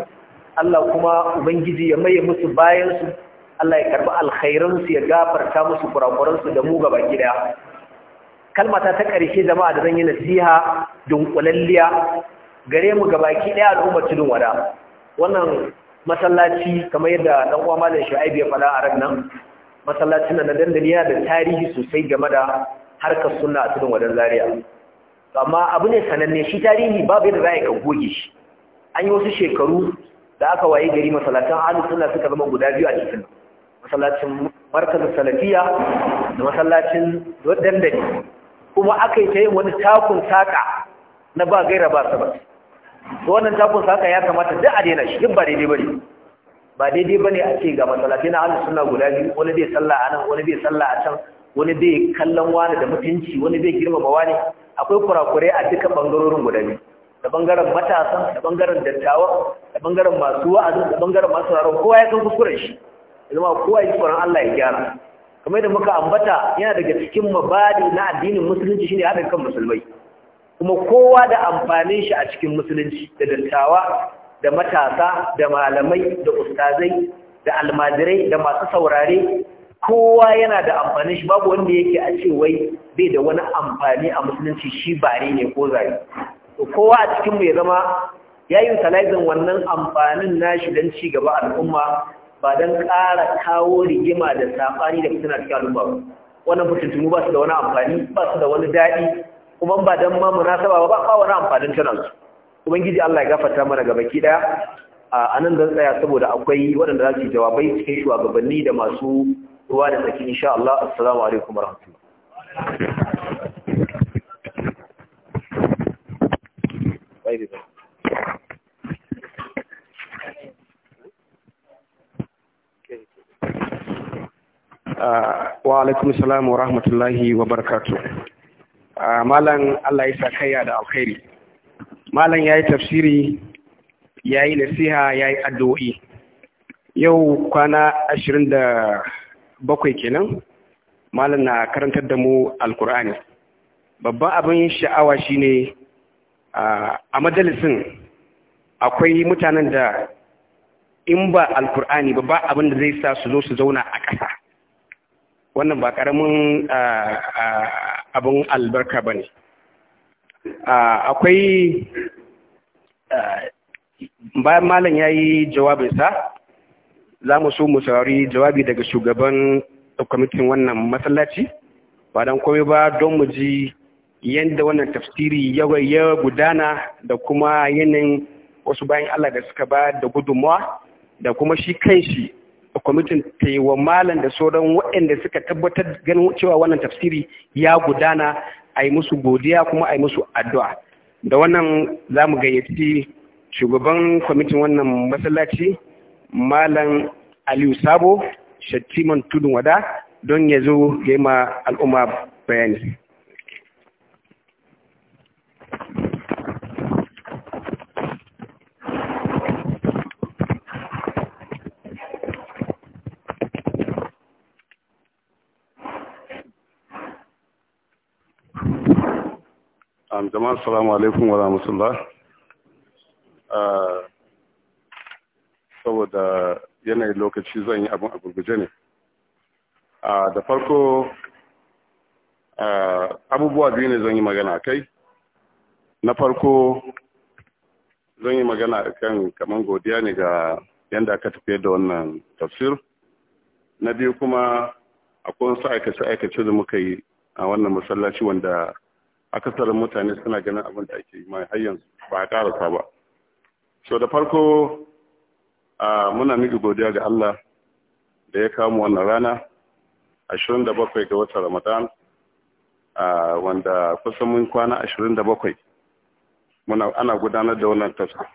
S1: Allah kuma ubangiji ya maye musu bayansu Allah ya karɓi alkhairansu ya gafarta musu kurakuransu da mu gaba gida kalmata ta ƙarshe jama'a da zan yi nasiha dunƙulalliya gare mu gabaki ɗaya al'ummar tudun wada wannan masallaci kamar yadda dan uwa malam Shu'aib ya faɗa a ran nan masallacin nan na dandali yana da tarihi sosai game da harkar sunna a cikin wadan Zaria amma abu ne sananne shi tarihi babu yadda za ka goge shi an yi wasu shekaru da aka waye gari masallacin ahlus sunna suka zama guda biyu a cikin masallacin markazin salafiya da masallacin dandali kuma aka yi ta yin wani takun saka na ba gaira ba sabas to wannan takun saka ya kamata duk a daina shi ba daidai bane ba daidai bane a ce ga masallaci na Allah sunna guda biyu wani bai sallah a nan wani bai sallah a can wani bai kallon wani da mutunci wani bai girmama wani akwai kurakure a duka bangarorin guda biyu da bangaren matasan da bangaren dattawa da bangaren masu wa'azi, da bangaren masu sauraron kowa ya san kuskuren shi zama kowa ya tsoron Allah ya gyara kamar da muka ambata yana daga cikin mabadi na addinin musulunci shine haɗin kan musulmai kuma kowa da amfanin shi a cikin musulunci da dattawa da matasa da malamai da ustazai da almajirai da masu saurare kowa yana da amfanin shi babu wanda yake a ce wai bai da wani amfani a musulunci shi bare ne ko zai kowa a cikin mu ya zama yayin yi wannan amfanin nashi dan ci gaba al'umma ba dan ƙara kawo rigima da safari da fitina cikin al'umma ba wannan fitintunu ba su da wani amfani ba su da wani daɗi kuma ba dan ma munasaba ba ba wani amfanin tunan su ubangiji Allah ya gafarta mana ga baki daya a nan da tsaya saboda akwai waɗanda za su jawabai cikin shugabanni da masu ruwa da tsaki insha Allah assalamu alaikum warahmatullahi
S4: Thank
S3: wa alaikum wa rahmatullahi wa barakatu malam Allah ya ya da alkhairi malam yayi tafsiri yayi nasiha yayi addu'o'i yau kwana ashirin da bakwai kenan malam na karantar da mu alkur'ani babban abin sha'awa shine a madalisin akwai mutanen da in ba alkur'ani ba ba abin da zai sa su zo su zauna a ƙasa wannan ba ƙaramin abin albarka ba ne akwai bayan malam ya yi jawabinsa za mu so mu saurari jawabi daga shugaban kwamitin wannan masallaci ba don komai ba don mu ji yadda wannan tafsiri ya gudana da kuma yanayin wasu bayan Allah da suka ba da gudunmawa da kuma shi kan shi kwamitin taiwa malam da sauran waɗanda suka tabbatar ganin cewa wannan tafsiri ya gudana a yi musu godiya kuma a yi musu addu'a da wannan za mu gayyaci shugaban kwamitin wannan masallaci malam aliyu sabo shattiman tudun wada don ya zo ya yi ma al'umma bayani
S5: jama'a salamu alaikum wa rahmatullah ah, saboda yanayin lokaci zan yi abin a gurguje ne ah, da farko ah, abubuwa biyu ne zan yi magana kai na farko zan yi magana a kan kamar godiya ne ga yadda aka tafiye da wannan tafsir na biyu kuma akwai wasu aikace-aikace da muka yi a wannan masallaci wanda akasarin mutane suna ganin abin da ake mai har yanzu ba a karasa ba so da farko muna miki godiya ga Allah da ya kawo wannan rana 27 ga watan Ramadan wanda kusan mun kwana 27 muna ana gudanar da wannan tafsir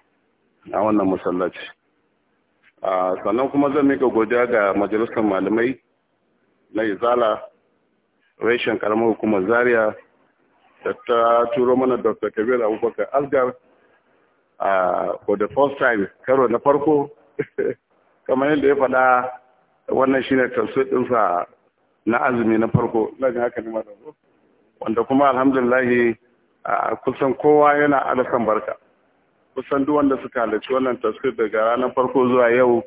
S5: a wannan a sannan kuma zan miki godiya ga majalisar malamai na izala reshen karamar hukumar zaria ta turo mana dr kabir abubakar asgar for the first time karo na farko kamar yadda ya faɗa wannan shine ne ɗinsa na azumi na farko lajin haka ne mata wanda kuma alhamdulillahi kusan kowa yana alasan barka kusan duk wanda suka halarci wannan tafsir daga ranar farko zuwa yau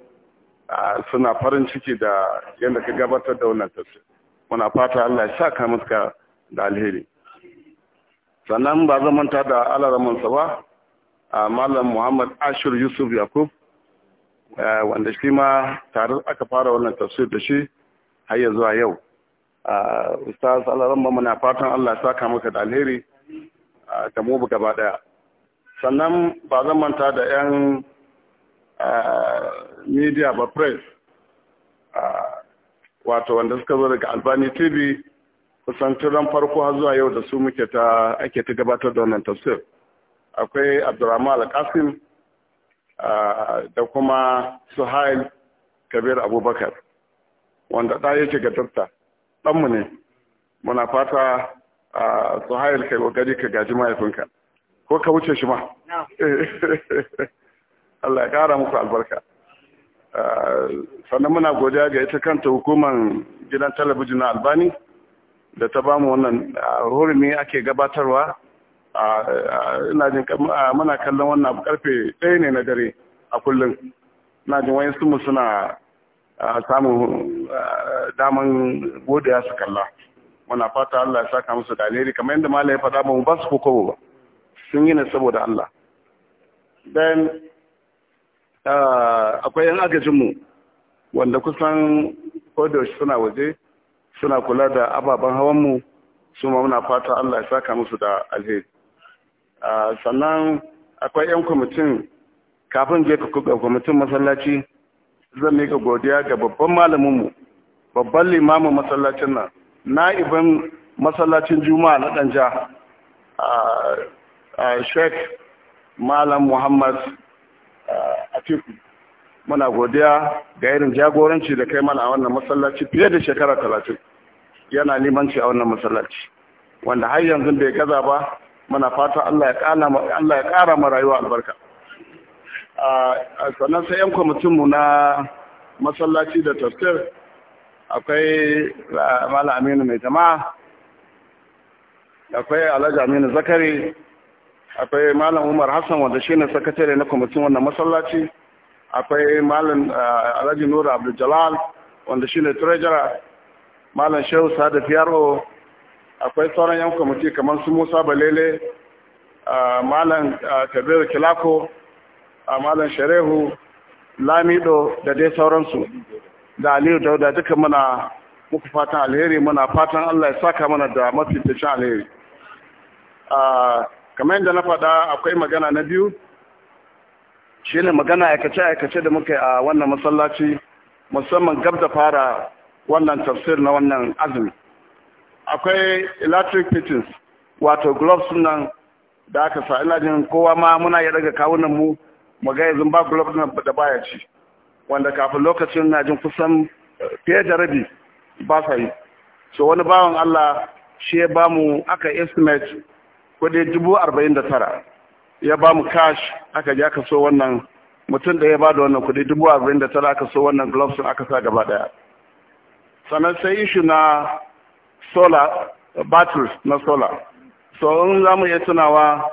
S5: suna farin ciki da yadda ka gabatar da wannan tafsir muna fata Allah ya ka muska da alheri sannan ba zan manta da alaramansa ba a malam muhammad ashir yusuf yakub eh, wanda shi ma tare aka fara wannan tafsir da shi har ya zuwa yau ustaz alaramba muna fatan allah ya saka maka da alheri ka mu gaba daya sannan ba zan manta da yan media ba press wato wanda suka zo daga albani tv kusantar ran farko har zuwa yau da su muke ta ake ta gabatar da wannan tafsir akwai abdurrahman al da kuma suhail kabir abubakar wanda ɗaya yake ga dabta ɗanmu ne muna fata suhail kai kokari ka gaji mahaifinka ko ka wuce shi ma Allah ya ƙara muku albarka sannan muna godiya ga ita kanta hukumar gidan talabijin na albani da ta ba mu wannan hurumi ake gabatarwa ina jin muna kallon wannan abu karfe ɗaya ne na dare a kullum ina jin wayan su suna samun daman godiya su kalla muna fata Allah ya saka musu da kamar yadda malam ya faɗa ba mu ba su koko ba sun yi ne saboda Allah then akwai yan agajinmu wanda kusan kodiyoshi suna waje suna kula da ababen hawanmu su ma muna fata Allah ya saka musu da alheri sannan akwai 'yan kwamitin kafin je ga kwamitin masallaci zan mika godiya ga babban malaminmu babban limamin masallacin nan na'ibin masallacin juma'a na danja sheikh malam muhammad atiku muna godiya ga irin jagoranci da kai mana a wannan masallaci fiye da shekara talatin yana limanci a wannan masallaci wanda har yanzu bai gaza ba muna fata Allah ya ƙara ma rayuwa albarka sannan sai yan kwamitinmu na masallaci da tafsir akwai mala aminu mai jama'a akwai alhaji aminu zakari akwai malam umar hassan wanda shine sakatare na kwamitin wannan masallaci akwai malam alhaji nura abdul wanda shine treasurer malam shehu sada fiyaro akwai sauran yan kwamiti kamar su musa balele malam kabiru kilako malam sharehu lamido da dai sauransu da aliyu dauda duka muna muku fatan alheri muna fatan allah ya saka mana da mafificin alheri kamar yadda na faɗa akwai magana na biyu shi ne magana aikace-aikace da muka a wannan masallaci musamman gab da fara wannan tafsir na wannan azumi akwai electric fittings wato gloves nan da aka sa ina jin kowa ma muna yi daga kawunan mu mu ga yanzu ba gloves nan da baya ci wanda kafin lokacin na jin kusan eh, fiye da rabi ba sa yi so wani bawan Allah shi ya ba mu aka estimate kudi dubu arba'in da tara ya ba mu cash aka ji aka so wannan mutum da ya ba da wannan kudi dubu arba'in da tara aka so wannan gloves aka sa gaba daya sannan sai ishu na solar batteries na solar so in za mu iya tunawa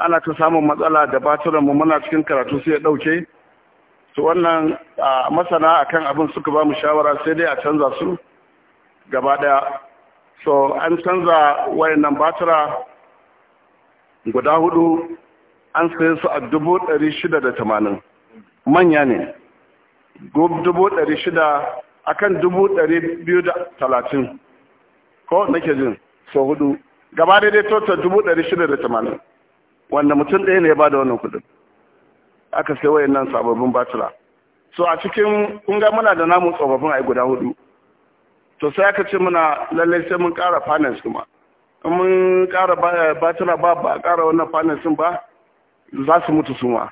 S5: ana ta samun matsala da baturan mu muna cikin karatu sai ya dauke to wannan masana akan abin suka ba mu shawara sai dai a canza su gaba daya so an canza wayannan batura guda hudu an saye su a dubu ɗari shida da tamanin manya ne dubu ɗari shida akan dubu ɗari biyu da talatin ko nake jin so hudu gaba daidai tota dubu ɗari shida da tamanin wanda mutum ɗaya ne ya bada wannan kuɗin aka sai wayan nan sababbin batula so a cikin kun ga muna da namun tsofaffin ai guda hudu to sai aka ce muna lallai sai mun ƙara finance kuma in mun ƙara batula ba ba ƙara wannan finance ba za su mutu suma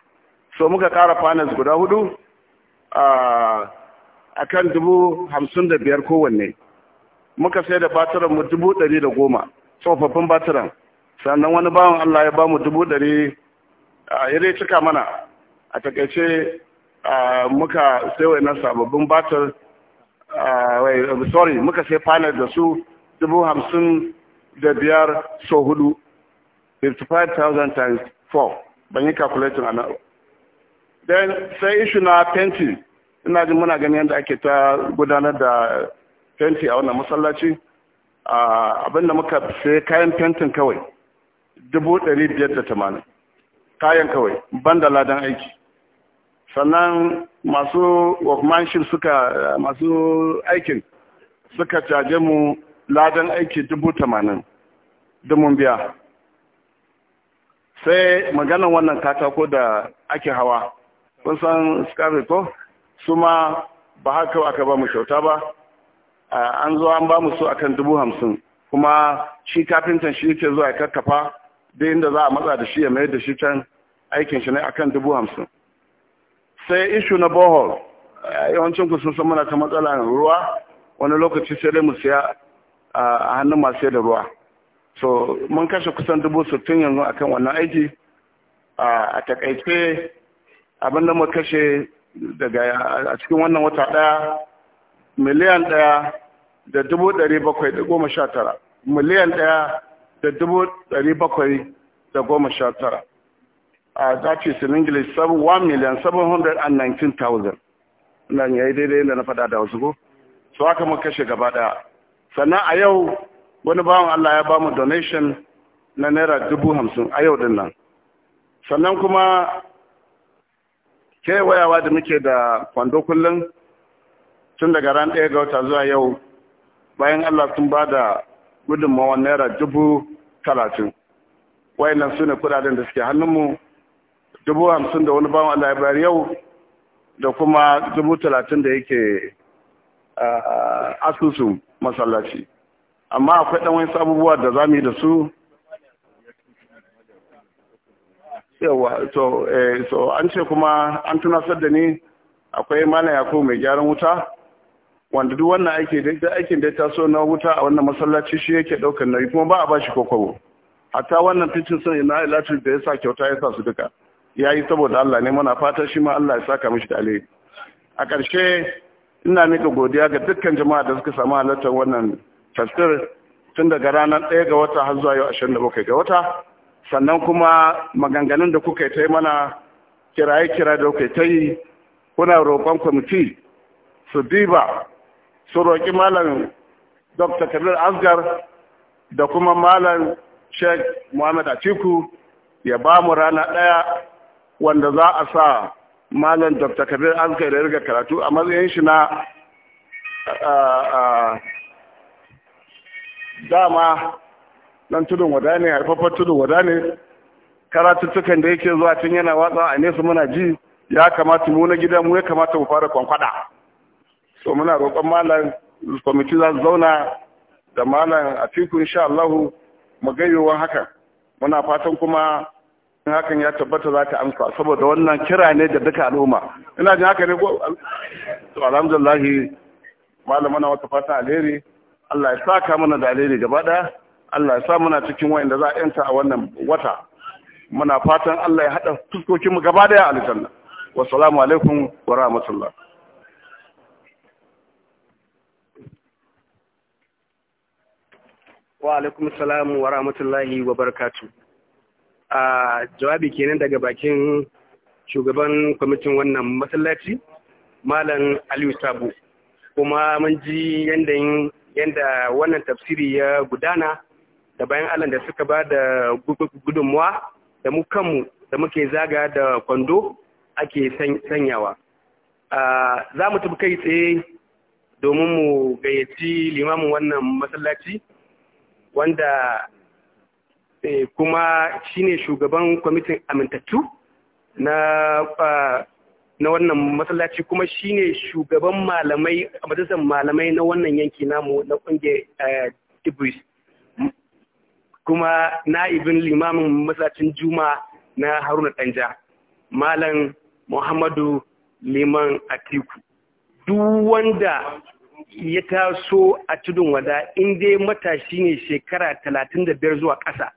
S5: so muka ƙara finance guda hudu a ah, a kan dubu hamsin da biyar kowanne muka sai da batiran mu dubu ɗari da goma tsofaffin batiran sannan wani bawan Allah ya ba mu dubu ɗari a yare cika mana a takaice muka sai wa sababbin batir sorry muka sai panel da su dubu hamsin da biyar so hudu 55,000 times 4 ban yi calculating a nan then sai ishu na painting ina jin muna ganin yadda ake ta gudanar da fenti a wannan masallaci abinda muka sai kayan fentin kawai dubu ɗari biyar da tamanin kayan kawai ban da ladan aiki sannan masu workmanship suka masu aikin suka caje mu ladan aiki dubu tamanin dumun biya sai maganan wannan katako da ake hawa kun san scarlet ko su ma ba haka aka ba mu kyauta ba an zo an ba mu su akan dubu hamsin kuma shi kafintan shi yake zuwa ya kakkafa duk inda za a matsa da shi ya mayar da shi can aikin shi ne akan dubu hamsin sai ishu na bohol yawancin ku sun san muna ta matsalan ruwa wani lokaci sai dai mu siya a hannun masu da ruwa so mun kashe kusan dubu sittin yanzu akan wannan aiki a takaice abinda mu kashe daga a cikin wannan wata ɗaya miliyan ɗaya da dubu ɗari bakwai da goma sha tara miliyan ɗaya da dubu ɗari bakwai da goma sha tara a that is in english seven one million seven hundred and nineteen thousand nan ya yi daidai da na faɗa da wasu ko su aka mu kashe gaba daya sannan a yau wani bawan allah ya bamu donation na naira dubu hamsin a yau din nan sannan kuma wayawa da muke da kwando kullum tun daga ran ɗaya ga wata zuwa yau bayan Allah sun ba da gudunmawar naira dubu talatin wayannan su ne kudaden da suke hannunmu dubu hamsin da wani bawan Allah ya bayar yau da kuma dubu talatin da yake asusun masallaci amma akwai ɗan wani abubuwa da za mu yi da su yawa to eh so an ce kuma an tunasar da ni akwai malam yakub mai gyaran wuta wanda duk wannan aiki da aikin da ya taso na wuta a wannan masallaci shi yake daukar nauyi kuma ba a bashi kokobo hatta wannan fitin sun ina ilatul da yasa kyauta ya sa su duka yayi saboda Allah ne muna fata shi ma Allah ya saka mishi da alheri a ƙarshe ina mika godiya ga dukkan jama'a da suka samu halartar wannan tafsir tun daga ranar ɗaya ga wata har zuwa yau da bakwai ga wata sannan kuma maganganun da kuka ta yi mana kiraye-kira da kuka ta yi kuna roƙon kwamiti su diba su roƙi malam dr kabir asgar da kuma malam sheikh muhammad atiku ya ba mu rana ɗaya wanda za a sa malam dr kabir asgar ya riga karatu a matsayin shi na dama nan tudun wada ne haifafar tudun wada ne karatuttukan da yake zuwa tun yana watsa a nesa muna ji ya kamata mu na gidan mu ya kamata mu fara kwankwada so muna roƙon malam kwamiti za su zauna da malam atiku insha Allah mu gayyowa hakan muna fatan kuma in hakan ya tabbata za ta amsa saboda wannan kira ne da duka al'umma ina jin haka ne ko to alhamdulillah malama na wata fata alheri Allah ya saka mana da alheri gaba daya Allah ya sa muna cikin wa'anda za a yanta a wannan wata muna fatan Allah ya haɗa fuskokin mu gaba daya aljanna salamu alaikum wa rahmatullah
S3: wa alaikum salam wa rahmatullahi wa barakatu a jawabi kenan daga bakin shugaban kwamitin wannan masallaci malam aliyu Sabu. kuma mun ji yanda wannan tafsiri ya gudana da bayan Allah da suka ba da gudunmuwa da mu kanmu da muke zaga da kwando ake sanyawa. Za mu tafi kai tsaye domin mu gayyaci limamin wannan masallaci wanda eh, kuma shi ne shugaban kwamitin amintattu na na wannan masallaci kuma shi ne shugaban malamai a matasan malamai na wannan yanki namu na kungiyar eh, Ibris. kuma na'ibin limamin masallacin juma na haruna danja malam muhammadu liman atiku duk wanda ya taso a tudun wada in dai matashi ne shekara talatin da biyar zuwa ƙasa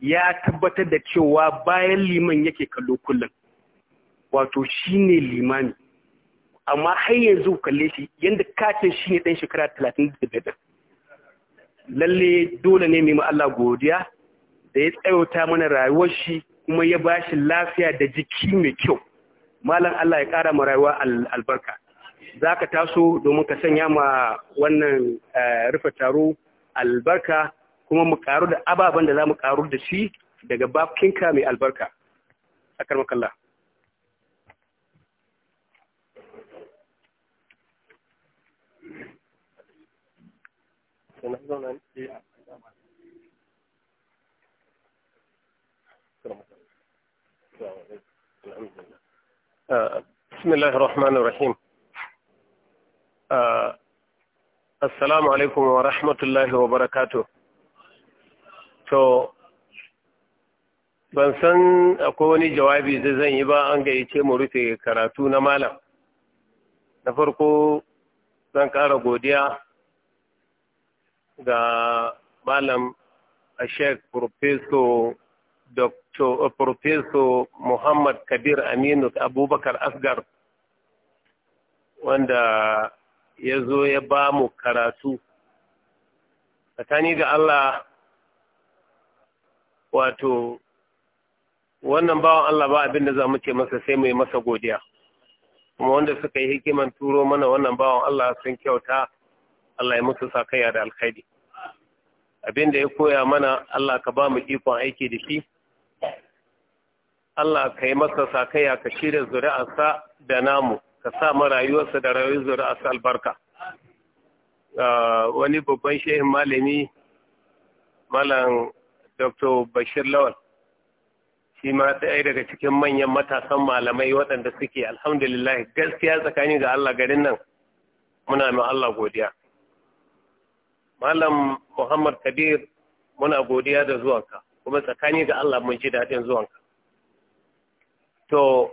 S3: ya tabbatar da cewa bayan liman yake kallo kullum wato shi ne limami amma har yanzu kalle shi yadda katin shi ne ɗan shekara talatin da biyar lalle dole ne mu Allah godiya da ya tsayauta mana rayuwar shi kuma ya ba shi lafiya da jiki mai kyau malam Allah ya ƙara ma rayuwa albarka za ka taso domin ka sanya ma wannan eh, rufe taro albarka kuma mu karu da ababen da za mu karu da shi daga bakinka mai albarka. a
S4: na zauna ne sai wa rahmatullahi wa barakatu to ban san akwai wani jawabi da zan yi ba an gayyace mu rufe karatu na malam na farko zan ƙara godiya ga malam ashek profeso dr eh, profeso muhammad kabir aminu abubakar asgar wanda ya zo ya ba mu karatu tsakani ga allah wato wannan bawan allah ba abinda za mu ce masa sai mu yi masa godiya kuma wanda suka yi hikiman turo mana wannan bawan allah sun kyauta Allah ya musu sakayya da alkhairi abin da ya koya mana Allah ka ba mu ikon aiki da shi Allah ka yi masa sakayya ka shirya zuri'arsa da namu ka sa mu rayuwarsa da rayuwar zuri'arsa albarka ah, wani babban shehu malami malam Dr. Bashir Lawal shi ma ɗaya daga cikin manyan matasan malamai waɗanda suke alhamdulillah gaskiya tsakani ga Allah garin nan muna mai Allah godiya Malam Muhammad Kabir muna godiya da zuwanka kuma tsakani da Allah mun ji daɗin zuwanka. To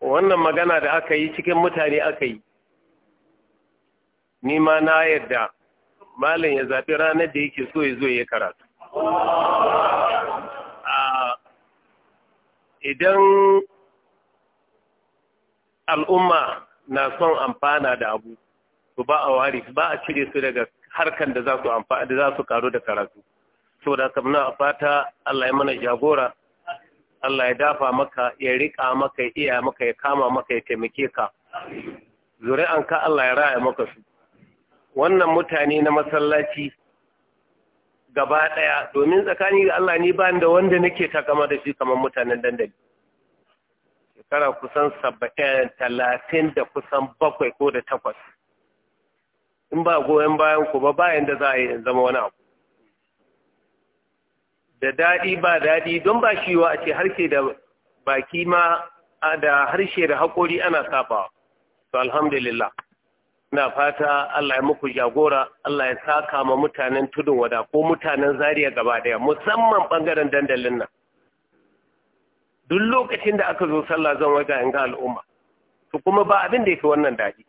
S4: wannan magana da aka yi cikin mutane aka yi, ni ma na yarda. Malam ya zaɓi ranar da yake so ya zo ya karatu. Idan al'umma na son amfana da abu, ba a wari, ba a cire su daga harkan da za su amfani da za su karu da karatu da haka muna fata Allah ya mana jagora Allah ya dafa maka ya rika maka ya iya maka ya kama maka ya taimake ka ka Allah ya raya maka su wannan mutane na masallaci gaba ɗaya domin tsakani ga Allah ni bani da wanda nake takama da shi kamar mutanen dandali shekara kusan talatin da kusan bakwai ko da takwas in ba goyon bayan ku ba bayan da za a yi zama wani abu da daɗi ba daɗi don ba shi wa a ce harshe da baki ma da harshe da haƙori ana sabawa to alhamdulillah na fata Allah ya muku jagora Allah ya saka ma mutanen tudun wada ko mutanen zariya gaba daya musamman bangaren dandalin nan duk lokacin da aka zo sallah zan waga in ga al'umma to kuma ba abin da ya yake wannan daɗi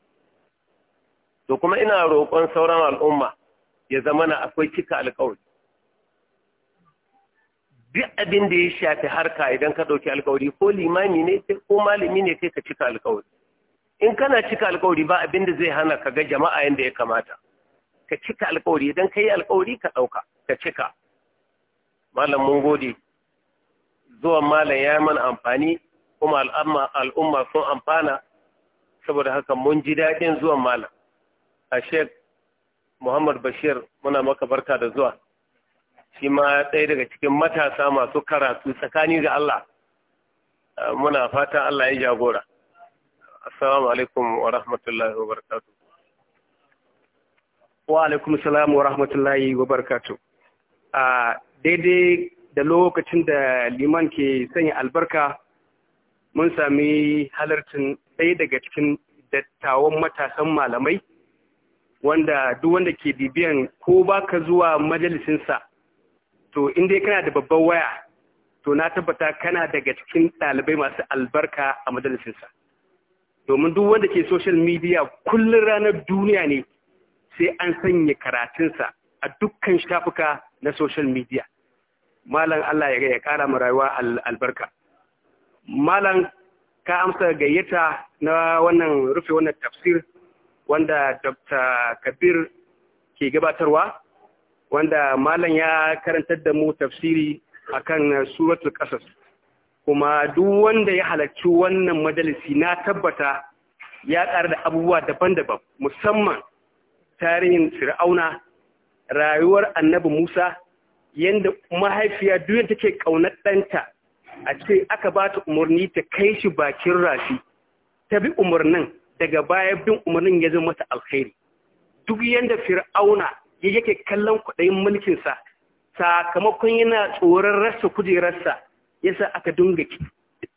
S4: to kuma ina roƙon sauran al'umma ya zama na akwai cika alƙawari duk abin da ya shafi harka idan ka ɗauki alƙawari ko limami ne ko malami ne kai ka cika alƙawari in kana cika alƙawari ba abin da zai hana ka ga jama'a yadda ya kamata ka cika alƙawari idan ka yi alƙawari ka ɗauka ka cika malam mun gode zuwan malam ya yi mana amfani kuma al'umma sun amfana saboda haka mun ji daɗin zuwan malam a sheik muhammad bashir muna maka barka da zuwa shi ma ɗaya daga cikin matasa masu karatu tsakani ga allah muna fatan allah ya jagora assalamu alaikum wa rahmatullahi wa
S3: barakatu wa alaikum salam wa rahmatullahi wa barakatu a daidai da lokacin da liman ke sanya albarka mun sami halartin ɗaya daga cikin dattawan matasan malamai wanda duk wanda ke bibiyan ko ba ka zuwa majalisinsa to in dai kana da babban waya to na tabbata kana daga cikin ɗalibai masu albarka a majalisinsa domin duk wanda ke social media kullum ranar duniya ne sai an sanya karatunsa a dukkan shafuka na social media malam Allah ya kara mu rayuwa albarka malam ka amsa gayyata na wannan rufe wannan tafsir wanda Dr. Kabir ke gabatarwa wanda malam ya karantar da mu tafsiri a akan suratul qasas kuma duk wanda ya halarci wannan majalisi na tabbata ya ƙara da abubuwa daban-daban musamman tarihin fir'auna rayuwar annabi musa yadda mahaifiya duniya take ƙaunar ɗanta a ce aka ba ta umarni ta kai shi bakin rafi ta bi umarnin daga baya bin umarnin ya zama masa alkhairi duk yanda fir'auna ya yake kallon kudayin mulkinsa sakamakon yana tsoron rasa kujerarsa yasa aka dunga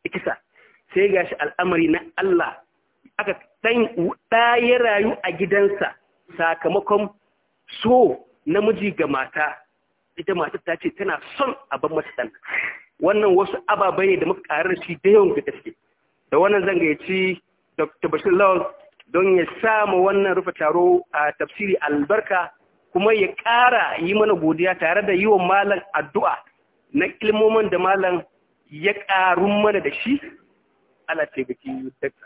S3: kisa sai gashi al'amari na Allah aka dan ya rayu a gidansa sakamakon so namiji ga mata ita mata ta ce tana son abin mata wannan wasu ababai ne da muka ƙarar shi da yawan gaske da wannan zan gayyaci Dr. Bashir Lawal don ya samu wannan rufe taro a tafsiri albarka kuma ya ƙara yi mana godiya tare da yi wa malam addu'a na ilmomin da malam ya ƙaru mana da shi ala taimaki yudaka.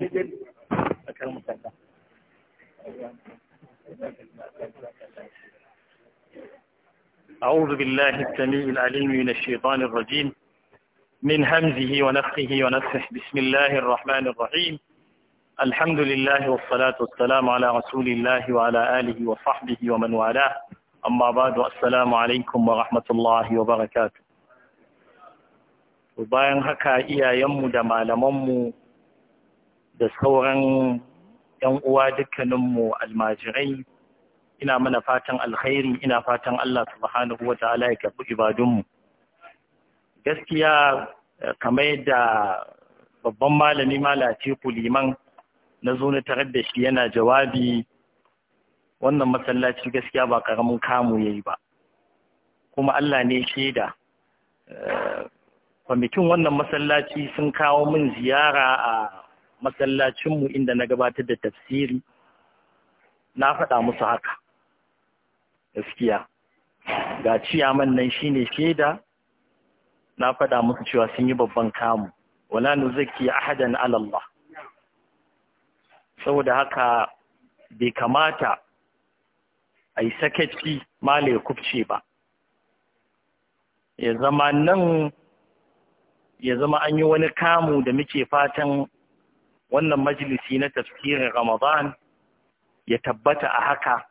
S6: Thank you. أعوذ بالله السميع العليم من الشيطان الرجيم من همزه ونفخه ونفخه بسم الله الرحمن الرحيم الحمد لله والصلاة والسلام على رسول الله وعلى آله وصحبه ومن والاه أما بعد السلام عليكم ورحمة الله وبركاته bayan haka iyayenmu da malamanmu da sauran 'yan uwa dukkaninmu almajirai ina mana fatan alkhairi ina fatan Allah subhanahu wa ta'ala ya karbi ibadunmu gaskiya eh, kamar yadda babban malami malace liman na zo na tarar da shi yana jawabi wannan masallaci gaskiya ba karamin kamu yayi ba kuma Allah ne shaida eh, kwamitin wannan masallaci sun kawo min ziyara a masallacinmu inda na gabatar da tafsiri na faɗa musu haka gaskiya ga ciyaman nan shine shaida na faɗa musu cewa sun yi babban kamu wala nuzaki ahadan ala Allah saboda haka bai kamata a yi sakaci male kubce ba ya zama nan ya zama an yi wani kamu da muke fatan wannan majalisi na tafsirin ramadan ya tabbata a haka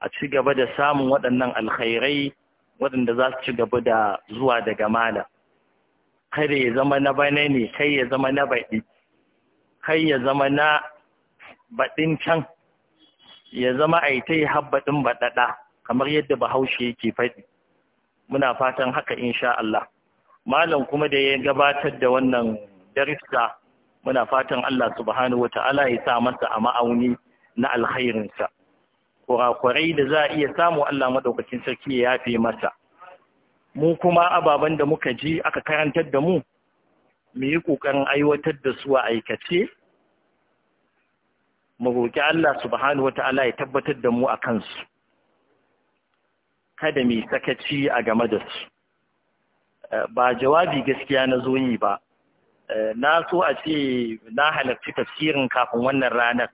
S6: a ci gaba da samun waɗannan alkhairai waɗanda za su ci gaba da zuwa daga mala kada ya zama na bana ne kai ya zama na baɗi kai ya zama na baɗin can ya zama a yi ta yi habbaɗin baɗaɗa kamar yadda bahaushe yake faɗi muna fatan haka insha Allah malam kuma da ya gabatar da wannan darista muna fatan Allah subhanahu Ta'ala ya sa masa a ma'auni na alkhairinsa kurakurai da za a iya samu Allah maɗaukacin sarki ya yafe masa mu kuma ababen da muka ji aka karantar da mu mu yi ƙoƙarin aiwatar da su a aikace mu roƙi Allah subhanahu wata'ala ya tabbatar da mu a kansu kada mu sakaci a game da su eh, ba jawabi gaskiya na zo yi ba eh, na so a ce na halarci tafsirin kafin wannan ranar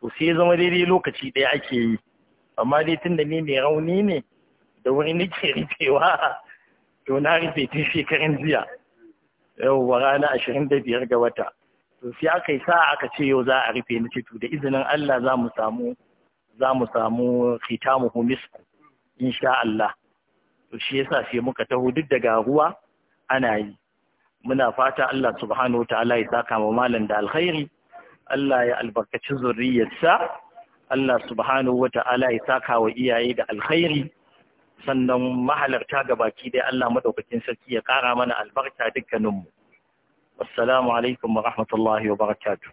S6: to sai zama daidai lokaci ɗaya ake yi amma dai tun da ni mai rauni ne da wuri nake rufewa to na rufe tun shekarun jiya yau wa rana ashirin da biyar ga wata to sai aka yi sa'a aka ce yau za a rufe na ce to da izinin Allah za mu samu za mu samu khitamu humisku insha Allah to shi yasa sai muka taho duk daga ruwa ana yi muna fata Allah subhanahu wa ta'ala ya saka mu malam da alkhairi Allah ya albarkaci zuriyarsa Allah subhanahu wa ta'ala ya saka wa iyaye da alkhairi sannan mahalarta ga baki dai Allah madaukakin sarki ya kara mana albarka dukkaninmu assalamu alaikum wa rahmatullahi wa barakatuh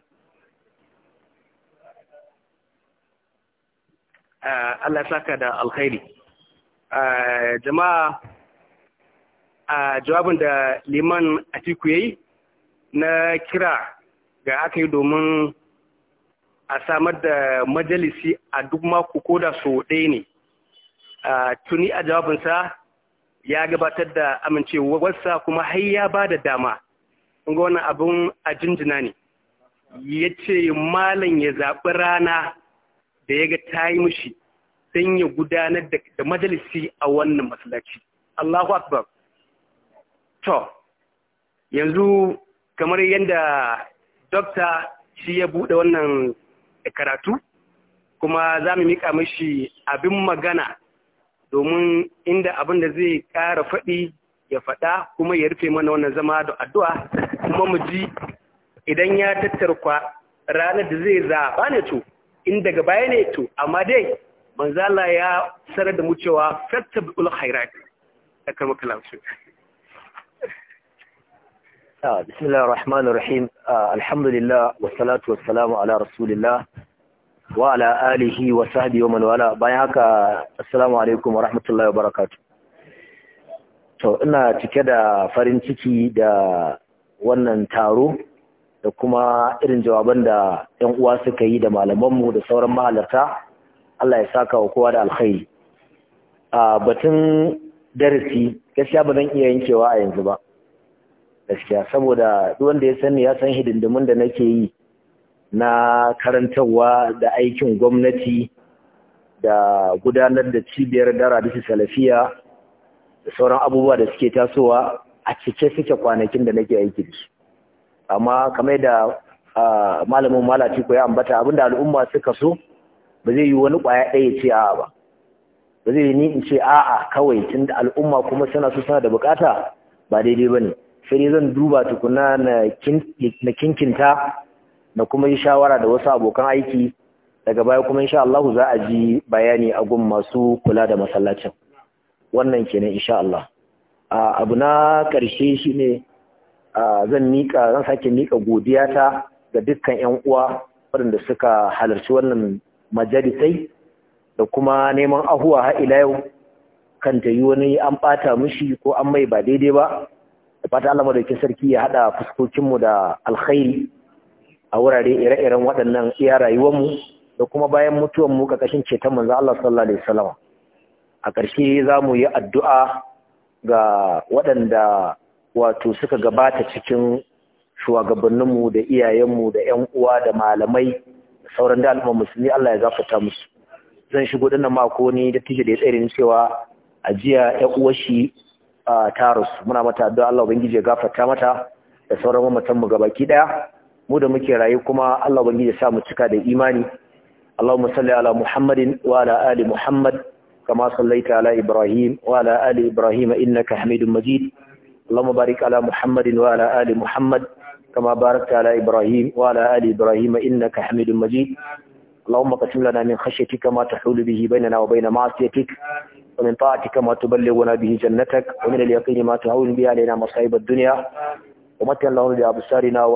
S6: ah,
S3: Allah saka da alkhairi ah, jama'a a ah, jawabin da liman atiku yayi na kira ga aka yi domin a samar da majalisi a duk mako ko da so ɗaya ne tuni a jawabinsa ya gabatar da amincewarsa kuma har ya ba da dama ga wannan abin a jinjina ne ya ce malam ya zaɓi rana da ya ga ta yi mushi don ya gudanar da majalisi a wannan masallaci Allahu Akbar to yanzu kamar yadda dokta shi ya buɗe wannan da karatu kuma za mu miƙa mashi abin magana domin inda abin da zai ƙara faɗi ya faɗa kuma ya rufe mana wannan zama da addu'a kuma mu ji idan ya tattarkwa ranar da zai zaɓa ne to in daga baya ne to amma dai manzala ya sanar da mu cewa fattabi ul khairat akan makalansu
S1: بسم الله الرحمن الرحيم الحمد لله والصلاة والسلام على رسول الله وعلى آله وصحبه ومن والاه bayan haka عليكم ورحمة wa وبركاته wa to ina cike da farin ciki da wannan taro da kuma irin jawaban da 'yan uwa suka yi da malamanmu da sauran mahalarta Allah ya saka wa kowa da alkhairi a batun darasi gaskiya ba zan iya yankewa a yanzu ba gaskiya saboda duk wanda ya sani ya san hidindimin da nake yi na karantarwa da aikin gwamnati da gudanar da cibiyar dara bisa salafiya da sauran abubuwa da suke tasowa a cike suke kwanakin da nake aiki da su amma kamar da malamin malati ko ya ambata abinda al'umma suka so ba zai yi wani kwaya ɗaya ce a'a ba ba zai yi ni in ce a'a kawai tun da al'umma kuma suna so suna da bukata ba daidai ba ne sai dai zan duba tukuna na kinkinta na kuma yi shawara da wasu abokan aiki daga baya kuma insha Allah za a ji bayani a gun masu kula da masallacin wannan kenan insha Allah abu na ƙarshe shine zan mika zan sake mika godiya ta ga dukkan 'yan uwa waɗanda suka halarci wannan majalisai da kuma neman ahuwa har ila yau kan ta yi wani an ɓata mishi ko an mai ba daidai ba da fata Allah madaukin sarki ya hada fuskokin mu da alkhairi a wurare ire-iren waɗannan iya rayuwar mu da kuma bayan mutuwar mu kakashin ceton manzo Allah sallallahu alaihi wasallam a ƙarshe zamu yi addu'a ga waɗanda wato suka gabata cikin shugabannin mu da iyayenmu da ƴan uwa da malamai da sauran da al'umma musulmi Allah ya zafata musu zan shigo dinnan mako ne da tije da ya cewa ajiya jiya ya uwar shi ta rasu muna mata addu'a Allah ubangiji ya gafarta mata da sauran mamatan mu gabaki daya mu da muke rayu kuma Allah ubangiji ya sa mu cika da imani Allahumma salli ala Muhammadin wa ala ali Muhammad kama sallaita ala Ibrahim wa ala ali Ibrahim innaka Hamidum Majid Allahumma barik ala Muhammadin wa ala ali Muhammad kama barakta ala Ibrahim wa ala ali Ibrahim innaka Hamidum Majid اللهم قسم لنا من خشيتك ما تحول به بيننا وبين معصيتك ومن طاعتك ما تبلغنا به جنتك ومن اليقين ما تهون به علينا مصائب الدنيا ومتن لهم بأبصارنا